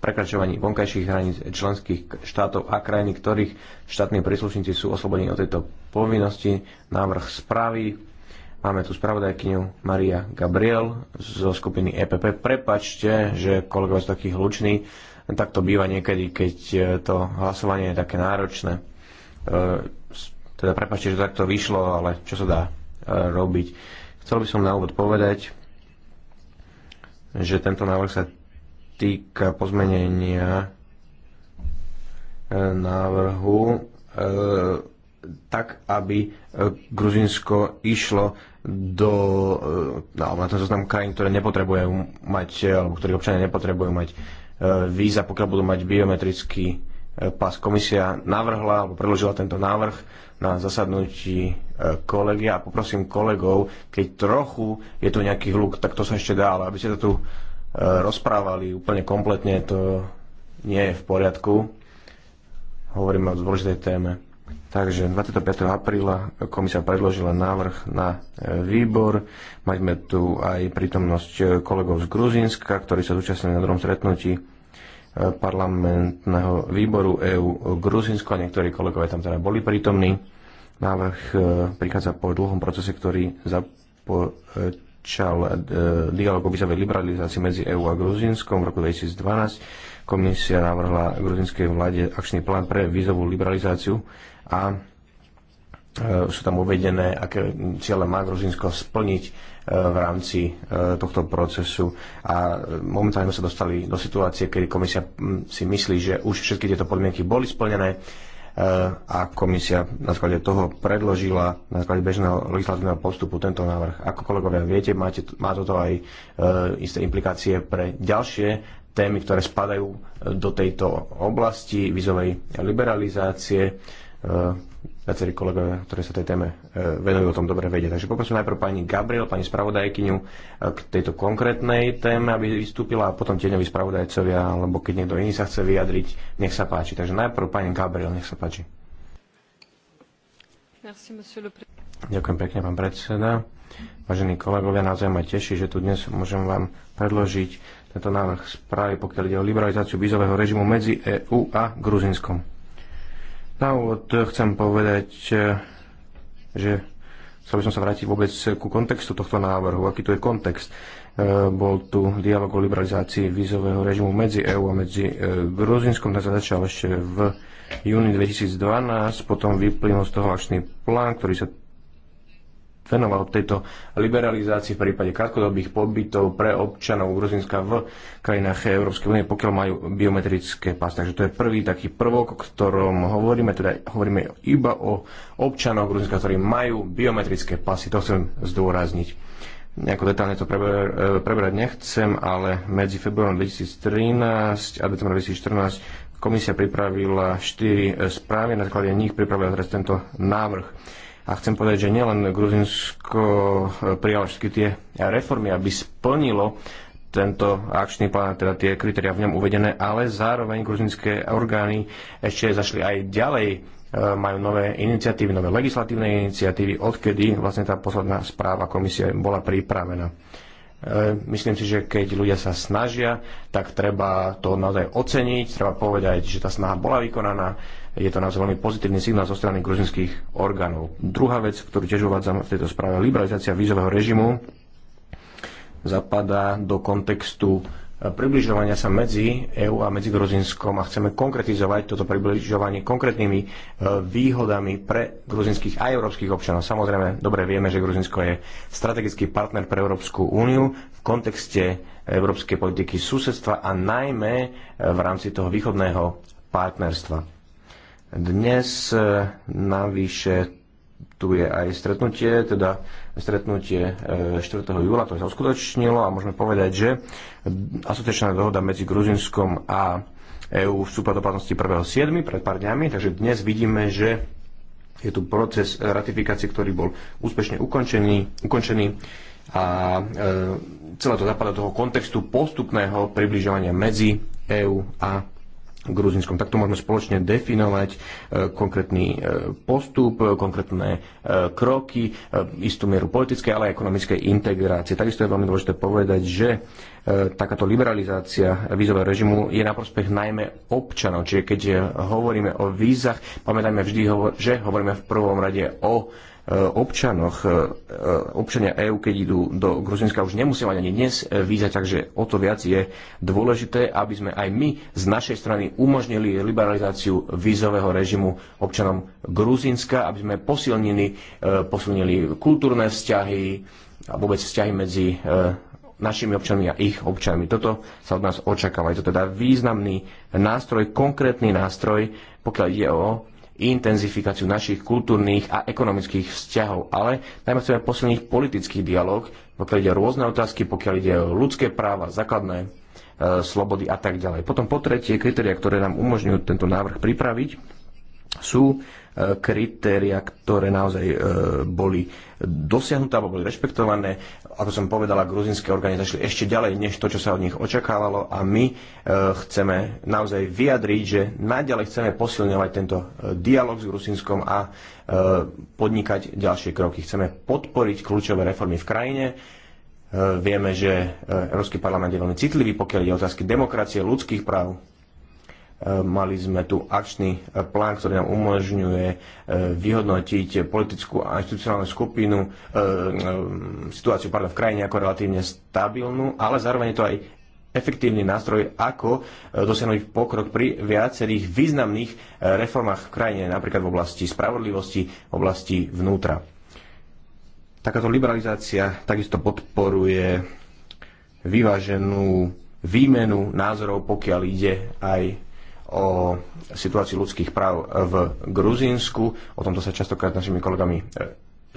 prekračovaní vonkajších hraníc členských štátov a krajiny, ktorých štátni príslušníci sú oslobodení od tejto povinnosti. Návrh správy. Máme tu spravodajkyňu Maria Gabriel zo skupiny EPP. Prepačte, že kolegovia sú taký hlučný. Tak to býva niekedy, keď e, to hlasovanie je také náročné. E, teda prepačte, že takto vyšlo, ale čo sa dá e, robiť. Chcel by som na úvod povedať, že tento návrh sa týka pozmenenia e, návrhu e, tak, aby e, Gruzinsko išlo do, no, na ten zoznam krajín, ktoré nepotrebujú mať, alebo ktorí občania nepotrebujú mať víza, pokiaľ budú mať biometrický pás. Komisia navrhla, alebo predložila tento návrh na zasadnutí kolegia a poprosím kolegov, keď trochu je tu nejaký hluk, tak to sa ešte dá, ale aby ste to tu E, rozprávali úplne kompletne, to nie je v poriadku. Hovoríme o dôležitej téme. Takže 25. apríla komisia predložila návrh na e, výbor. Majme tu aj prítomnosť kolegov z Gruzínska, ktorí sa zúčastnili na druhom stretnutí e, parlamentného výboru EÚ Gruzinsko a niektorí kolegovia tam teda boli prítomní. Návrh prichádza po dlhom procese, ktorý začal e, dialog o vízovej liberalizácii medzi EÚ a Gruzínskom v roku 2012. Komisia navrhla gruzínskej vláde akčný plán pre vízovú liberalizáciu a e, sú tam uvedené, aké ciele má Gruzínsko splniť e, v rámci tohto procesu. A momentálne sa dostali do situácie, kedy komisia si myslí, že už všetky tieto podmienky boli splnené Eh, a komisia na základe toho predložila na základe bežného legislatívneho postupu tento návrh. Ako kolegovia viete, máte, má toto aj eh, isté implikácie pre ďalšie témy, ktoré spadajú eh, do tejto oblasti vizovej liberalizácie E, viacerí kolegovia, ktorí sa tej téme e, venujú, o tom dobre vedia. Takže poprosím najprv pani Gabriel, pani spravodajkyňu e, k tejto konkrétnej téme, aby vystúpila a potom tieňoví spravodajcovia, alebo keď niekto iný sa chce vyjadriť, nech sa páči. Takže najprv pani Gabriel, nech sa páči. Merci, Ďakujem pekne, pán predseda. Vážení kolegovia, naozaj aj teší, že tu dnes môžem vám predložiť tento návrh správy, pokiaľ ide o liberalizáciu vízového režimu medzi EÚ a Gruzinskom. Na úvod chcem povedať, že chcel by som sa vrátiť vôbec ku kontextu tohto návrhu. Aký tu je kontext? E, bol tu dialog o liberalizácii vízového režimu medzi EÚ a medzi e, Gruzinskom. ktorý sa začal ešte v júni 2012, potom vyplynul z toho akčný plán, ktorý sa venoval tejto liberalizácii v prípade krátkodobých pobytov pre občanov Gruzinska v krajinách Európskej únie, pokiaľ majú biometrické pás. Takže to je prvý taký prvok, o ktorom hovoríme, teda hovoríme iba o občanov Gruzinska, ktorí majú biometrické pasy. To chcem zdôrazniť. Nejako detálne to preber, e, preberať nechcem, ale medzi februárom 2013 a decembrom 2014 komisia pripravila 4 e, správy, na základe nich pripravila teraz tento návrh a chcem povedať, že nielen Gruzinsko e, prijalo všetky tie reformy, aby splnilo tento akčný plán, teda tie kritéria v ňom uvedené, ale zároveň gruzinské orgány ešte zašli aj ďalej, e, majú nové iniciatívy, nové legislatívne iniciatívy, odkedy vlastne tá posledná správa komisie bola pripravená. E, myslím si, že keď ľudia sa snažia, tak treba to naozaj oceniť, treba povedať, že tá snaha bola vykonaná. Je to naozaj veľmi pozitívny signál zo strany gruzinských orgánov. Druhá vec, ktorú tiež uvádzam v tejto správe, liberalizácia vízového režimu zapadá do kontextu E, približovania sa medzi EÚ a medzi Gruzinskom a chceme konkretizovať toto približovanie konkrétnymi e, výhodami pre gruzinských a európskych občanov. Samozrejme, dobre vieme, že Gruzinsko je strategický partner pre Európsku úniu v kontexte európskej politiky susedstva a najmä e, v rámci toho východného partnerstva. Dnes navyše tu je aj stretnutie, teda stretnutie 4. E, júla, to sa uskutočnilo a môžeme povedať, že asociačná dohoda medzi Gruzinskom a EÚ vstúpa do platnosti 1.7. pred pár dňami, takže dnes vidíme, že je tu proces ratifikácie, ktorý bol úspešne ukončený, ukončený a e, celé to zapadá do toho kontextu postupného približovania medzi EÚ a Gruzinskom. Takto môžeme spoločne definovať e, konkrétny e, postup, e, konkrétne kroky, istú mieru politickej, ale aj ekonomickej integrácie. Takisto je veľmi dôležité povedať, že takáto liberalizácia vízového režimu je na prospech najmä občanov. Čiže keď hovoríme o vízach, pamätajme vždy, že hovoríme v prvom rade o Eh, občanoch, eh, eh, občania EÚ, keď idú do Gruzinska, už nemusia mať ani dnes víza, takže o to viac je dôležité, aby sme aj my z našej strany umožnili liberalizáciu vízového režimu občanom Gruzinska, aby sme posilnili, posilnili kultúrne vzťahy a vôbec vzťahy medzi našimi občanmi a ich občanmi. Toto sa od nás očakáva. Je to teda významný nástroj, konkrétny nástroj, pokiaľ ide o intenzifikáciu našich kultúrnych a ekonomických vzťahov, ale najmä chceme posilniť politický dialog, pokiaľ ide o rôzne otázky, pokiaľ ide o ľudské práva, základné e, slobody a tak ďalej. Potom po tretie, kritéria, ktoré nám umožňujú tento návrh pripraviť, sú e, kritéria, ktoré naozaj e, boli dosiahnuté alebo boli rešpektované. Ako som povedala, gruzinské organizácie ešte ďalej, než to, čo sa od nich očakávalo a my e, chceme naozaj vyjadriť, že naďalej chceme posilňovať tento dialog s Gruzinskom a podnikať ďalšie kroky. Chceme podporiť kľúčové reformy v krajine, Vieme, že Európsky parlament je veľmi citlivý, pokiaľ ide otázky demokracie, ľudských práv, Mali sme tu akčný eh, plán, ktorý nám umožňuje eh, vyhodnotiť politickú a institucionálnu skupinu, eh, situáciu pardon, v krajine ako relatívne stabilnú, ale zároveň je to aj efektívny nástroj, ako dosiahnuť pokrok pri viacerých významných reformách v krajine, napríklad v oblasti spravodlivosti, v oblasti vnútra. Takáto liberalizácia takisto podporuje vyváženú výmenu názorov, pokiaľ ide aj o situácii ľudských práv v Gruzínsku. O tomto sa častokrát s našimi kolegami e,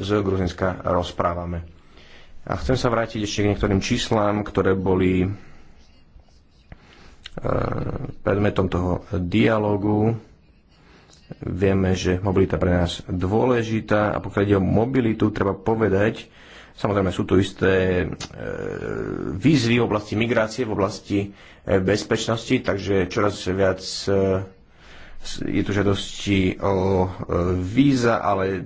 z Gruzínska rozprávame. A chcem sa vrátiť ešte k niektorým číslám, ktoré boli e, predmetom toho dialogu. Vieme, že mobilita pre nás dôležitá a pokiaľ ide o mobilitu, treba povedať, Samozrejme sú tu isté e, výzvy v oblasti migrácie, v oblasti e, bezpečnosti, takže čoraz viac e, je tu žiadosti o víza, ale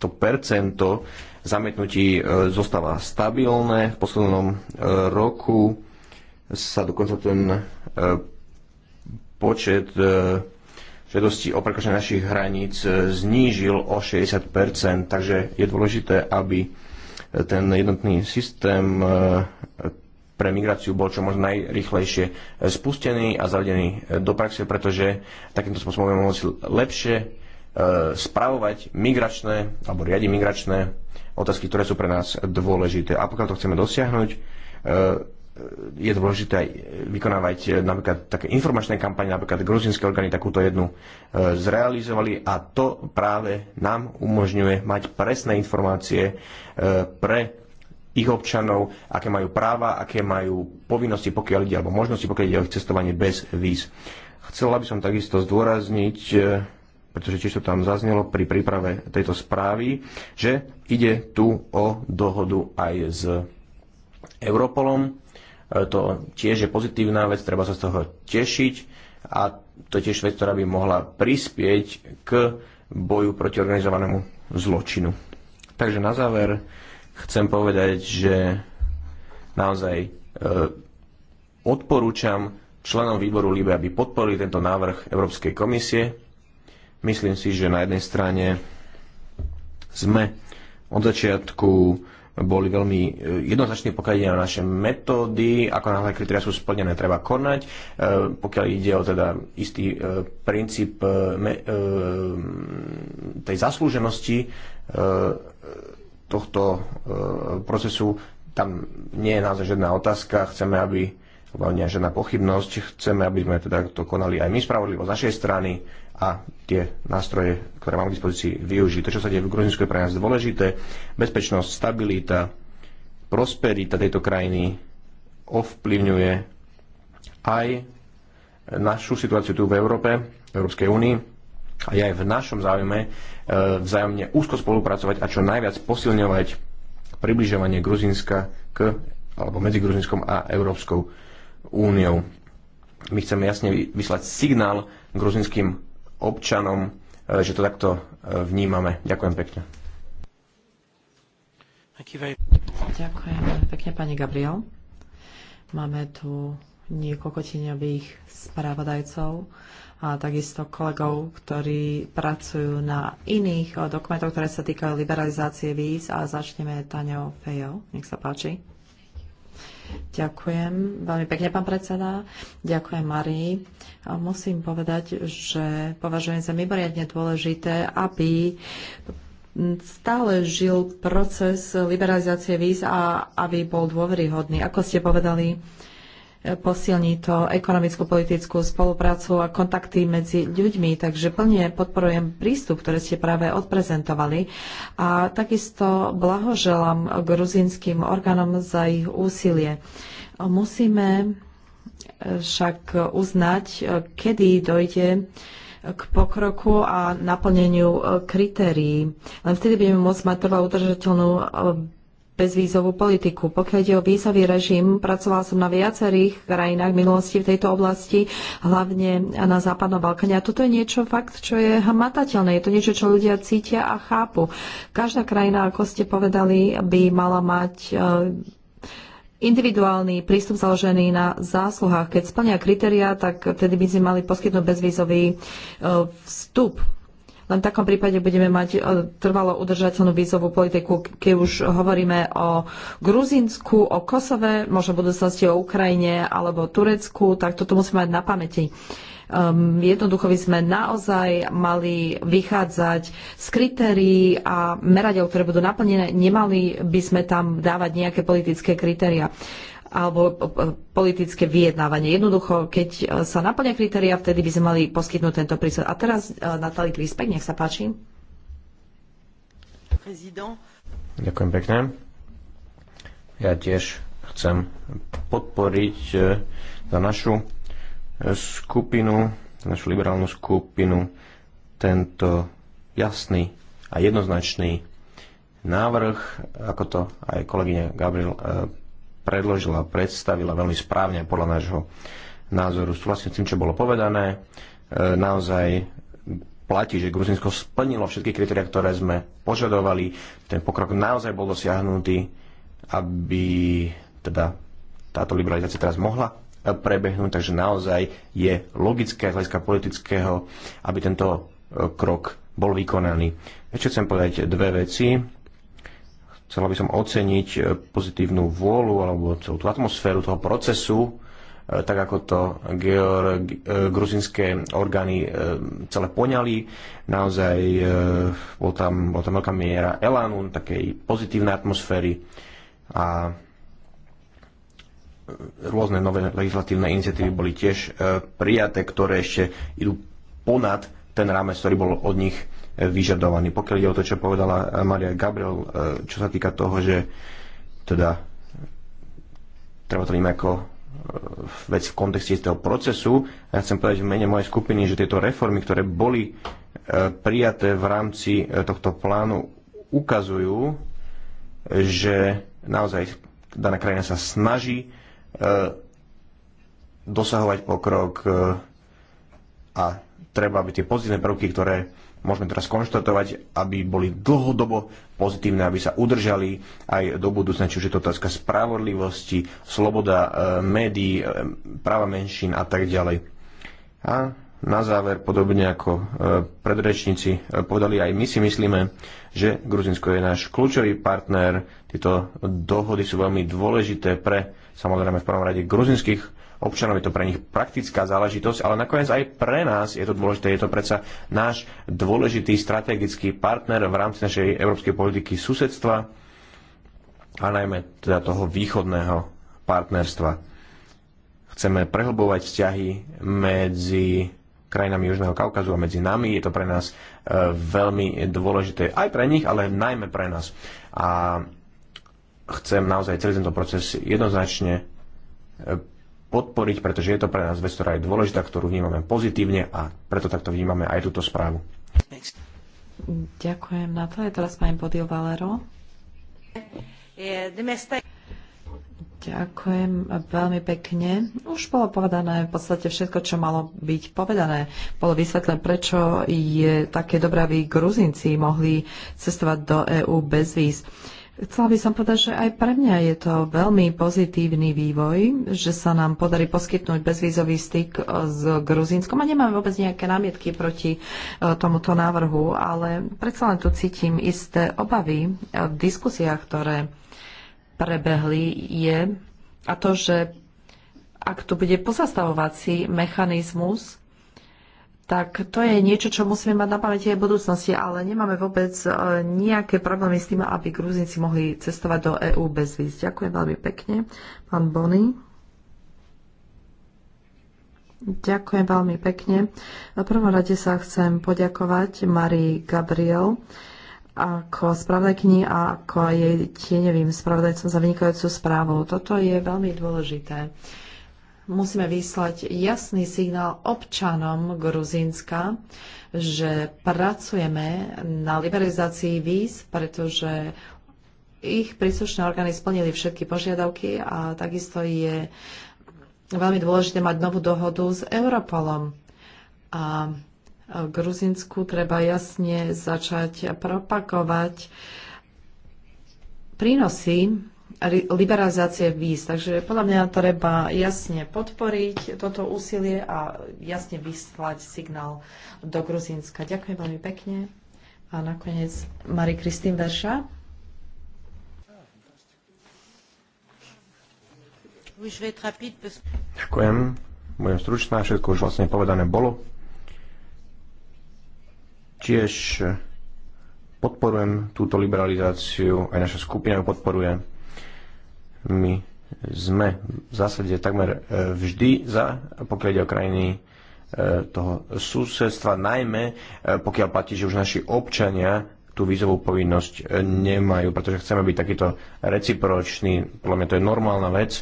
to percento zamietnutí zostáva stabilné. V poslednom roku sa dokonca ten počet žiadosti o prekročenie našich hraníc znížil o 60%, takže je dôležité, aby ten jednotný systém e, pre migráciu bol čo možno najrychlejšie e, spustený a zavedený e, do praxe, pretože takýmto spôsobom budeme môcť lepšie spravovať migračné alebo riadi migračné otázky, ktoré sú pre nás dôležité. A pokiaľ to chceme dosiahnuť, je dôležité aj vykonávať eh, napríklad také informačné kampane, napríklad gruzinské orgány takúto jednu eh, zrealizovali a to práve nám umožňuje mať presné informácie eh, pre ich občanov, aké majú práva, aké majú povinnosti, pokiaľ ide, alebo možnosti, pokiaľ ide o ich cestovanie bez víz. Chcela by som takisto zdôrazniť, pretože tiež to tam zaznelo pri príprave tejto správy, že ide tu o dohodu aj s Europolom E, to tiež je pozitívna vec, treba sa z toho tešiť a to tiež vec, ktorá by mohla prispieť k boju proti organizovanému zločinu. Takže na záver chcem povedať, že naozaj e, odporúčam členom výboru LIBE, aby podporili tento návrh Európskej komisie. Myslím si, že na jednej strane sme od začiatku boli veľmi e, jednoznačne, pokiaľ ide naše metódy, ako náhle kritéria sú splnené, treba konať. E, pokiaľ ide o teda istý e, princíp tej zaslúženosti tohto procesu, tam nie je naozaj žiadna otázka. Chceme, aby hlavne žiadna pochybnosť. Chceme, aby sme teda to konali aj my spravodlivo z našej strany a tie nástroje, ktoré máme k dispozícii, využiť. To, čo sa deje v Gruzinsku, je pre nás dôležité. Bezpečnosť, stabilita, prosperita tejto krajiny ovplyvňuje aj našu situáciu tu v Európe, v Európskej únii a je aj v našom záujme e, vzájomne úzko spolupracovať a čo najviac posilňovať približovanie Gruzinska k alebo medzi Gruzinskom a Európskou úniou. My chceme jasne vyslať signál gruzinským občanom, eh, že to takto eh, vnímame. Ďakujem pekne. Ďakujem pekne, pani Gabriel. Máme tu niekoľko tieňových spravodajcov a takisto kolegov, ktorí pracujú na iných eh, dokumentoch, ktoré sa týkajú liberalizácie víz a začneme Taňou Fejo. Nech sa páči. Ďakujem veľmi pekne, pán predseda. Ďakujem, Marii. Musím povedať, že považujem za mimoriadne dôležité, aby stále žil proces liberalizácie víz a aby bol dôveryhodný. Ako ste povedali, posilní to ekonomickú, politickú spoluprácu a kontakty medzi ľuďmi, takže plne podporujem prístup, ktorý ste práve odprezentovali a takisto blahoželám gruzínskym orgánom za ich úsilie. Musíme však uznať, kedy dojde k pokroku a naplneniu kritérií. Len vtedy budeme môcť mať trvalo udržateľnú bezvízovú politiku. Pokiaľ ide o vízový režim, pracovala som na viacerých krajinách minulosti v tejto oblasti, hlavne na Západnom Balkáne. A toto je niečo fakt, čo je hmatateľné. Je to niečo, čo ľudia cítia a chápu. Každá krajina, ako ste povedali, by mala mať eh, individuálny prístup založený na zásluhách. Keď splnia kritéria, tak tedy by sme mali poskytnúť bezvízový eh, vstup len v takom prípade budeme mať e, trvalo udržateľnú vízovú politiku, keď už hovoríme o Gruzinsku, o Kosove, možno v budúcnosti o Ukrajine alebo Turecku, tak toto musíme mať na pamäti. Um, jednoducho by sme naozaj mali vychádzať z kritérií a meradiel, ktoré budú naplnené. Nemali by sme tam dávať nejaké politické kritéria. Uh, alebo politické vyjednávanie. Jednoducho, keď e, sa naplňa kritéria, vtedy by sme mali poskytnúť tento prísad. A teraz e, Natali Krispek, nech sa páči. Prezident. Ďakujem pekne. Ja tiež chcem podporiť e, za našu skupinu, za našu liberálnu skupinu tento jasný a jednoznačný návrh, ako to aj kolegyňa Gabriel predložila, predstavila veľmi správne podľa nášho názoru. Súhlasím s tým, čo bolo povedané. E, naozaj platí, že Gruzinsko splnilo všetky kritéria, ktoré sme požadovali. Ten pokrok naozaj bol dosiahnutý, aby teda táto liberalizácia teraz mohla e, prebehnúť, takže naozaj je logické z hľadiska politického, aby tento e, krok bol vykonaný. Ešte chcem povedať dve veci Chcela by som oceniť e, pozitívnu vôľu alebo celú tú atmosféru toho procesu, e, tak ako to georg, e, gruzinské orgány celé poňali. Naozaj bol tam, bol tam veľká miera elánu, takej pozitívnej atmosféry a rôzne nové legislatívne iniciatívy boli tiež prijaté, ktoré ešte idú ponad ten rámec, ktorý bol od nich vyžadovaný. Pokiaľ ide o to, čo povedala eh, Maria Gabriel, eh, čo sa týka toho, že teda treba to ako eh, vec v kontexte toho procesu. Ja chcem povedať v mene mojej skupiny, že tieto reformy, ktoré boli prijaté v rámci tohto plánu, ukazujú, že naozaj daná krajina sa snaží dosahovať pokrok a treba, aby tie pozitívne prvky, ktoré môžeme teraz konštatovať, aby boli dlhodobo pozitívne, aby sa udržali aj do budúcna, čiže je to otázka spravodlivosti, sloboda e, médií, e, práva menšín a tak ďalej. A na záver, podobne ako e, predrečníci povedali, aj my si myslíme, že Gruzinsko je náš kľúčový partner. Tieto dohody sú veľmi dôležité pre samozrejme v prvom rade gruzinských občanov, je to pre nich praktická záležitosť, ale nakoniec aj pre nás je to dôležité, je to predsa náš dôležitý strategický partner v rámci našej európskej politiky susedstva a najmä teda toho východného partnerstva. Chceme prehlbovať vzťahy medzi krajinami Južného Kaukazu a medzi nami. Je to pre nás e, veľmi dôležité aj pre nich, ale najmä pre nás. A chcem naozaj celý tento proces jednoznačne e, podporiť, pretože je to pre nás vec, ktorá je dôležitá, ktorú vnímame pozitívne a preto takto vnímame aj túto správu. Ďakujem. Na to je teraz pani Bodil Valero. Ďakujem veľmi pekne. Už bolo povedané v podstate všetko, čo malo byť povedané. Bolo vysvetlené, prečo je také dobré, aby Gruzinci mohli cestovať do EÚ bez víz. Uh, Chcela by som povedať, že aj pre mňa je to veľmi pozitívny vývoj, že sa nám podarí poskytnúť bezvízový styk e, s Gruzínskom a nemám vôbec nejaké námietky proti e, tomuto návrhu, ale predsa len tu cítim isté obavy e, v diskusiách, ktoré prebehli, je a to, že ak tu bude pozastavovací mechanizmus, tak to je niečo, čo musíme mať na pamäti aj v budúcnosti, ale nemáme vôbec e, nejaké problémy s tým, aby Gruzinci mohli cestovať do EÚ bez víz. Ďakujem veľmi pekne, pán Bony. Ďakujem veľmi pekne. V prvom rade sa chcem poďakovať Marii Gabriel ako spravodajkyni a ako jej tieňovým spravodajcom za vynikajúcu správu. Toto je veľmi dôležité musíme vyslať jasný signál občanom Gruzínska, že pracujeme na liberalizácii víz, pretože ich príslušné orgány splnili všetky požiadavky a takisto je veľmi dôležité mať novú dohodu s Europolom. A v Gruzinsku treba jasne začať propakovať prínosy liberalizácie víz. Takže podľa mňa treba jasne podporiť toto úsilie a jasne vyslať signál do Gruzínska. Ďakujem veľmi pekne. A nakoniec Marie Kristín Verša. Ďakujem. Budem stručná, všetko už vlastne povedané bolo. Tiež podporujem túto liberalizáciu, aj naša skupina ju podporuje my sme v zásade takmer e, vždy za, pokiaľ ide o krajiny e, toho susedstva, najmä e, pokiaľ platí, že už naši občania tú vízovú povinnosť nemajú, pretože chceme byť takýto recipročný, podľa mňa to je normálna vec,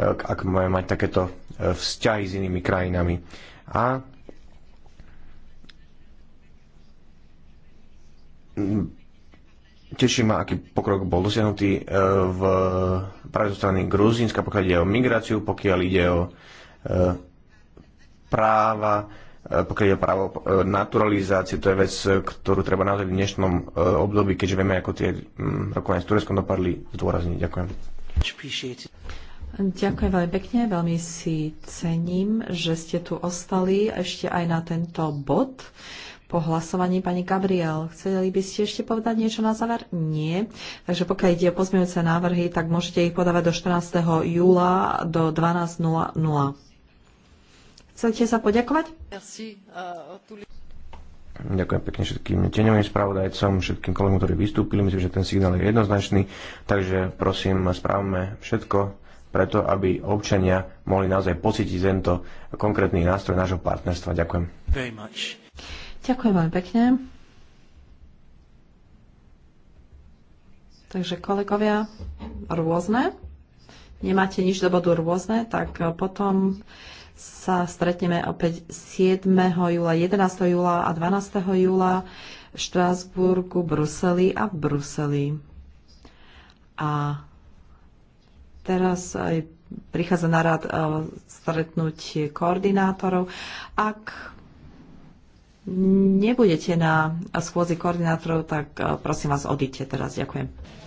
ak máme mať takéto vzťahy s inými krajinami. A Teší ma, aký pokrok bol dosiahnutý e, v práve zo strany Gruzínska, pokiaľ ide o migráciu, pokiaľ ide o e, práva, e, pokiaľ ide o právo naturalizácie, to je vec, ktorú treba naozaj v dnešnom období, keďže vieme, ako tie mm, rokovania s Tureckom dopadli, zdôrazniť. Ďakujem. Ďakujem veľmi pekne, veľmi si cením, že ste tu ostali ešte aj na tento bod po hlasovaní pani Gabriel. Chceli by ste ešte povedať niečo na záver? Nie. Takže pokiaľ ide o pozmeňujúce návrhy, tak môžete ich podávať do 14. júla do 12.00. Chcete sa poďakovať? Uh, Ďakujem pekne všetkým tieňovým spravodajcom, všetkým kolegom, ktorí vystúpili. Myslím, že ten signál je jednoznačný. Takže prosím, správame všetko preto, aby občania mohli naozaj pocítiť tento konkrétny nástroj nášho partnerstva. Ďakujem. Ďakujem veľmi pekne. Takže kolegovia, rôzne. Nemáte nič do bodu rôzne, tak eh, potom sa stretneme opäť 7. júla, 11. júla a 12. júla v Štrásburgu, Bruseli a v Bruseli. A teraz aj eh, prichádza na rad eh, stretnutie koordinátorov. Ak nebudete na schôdzi koordinátorov, tak eh, prosím vás, odíďte teraz. Ďakujem.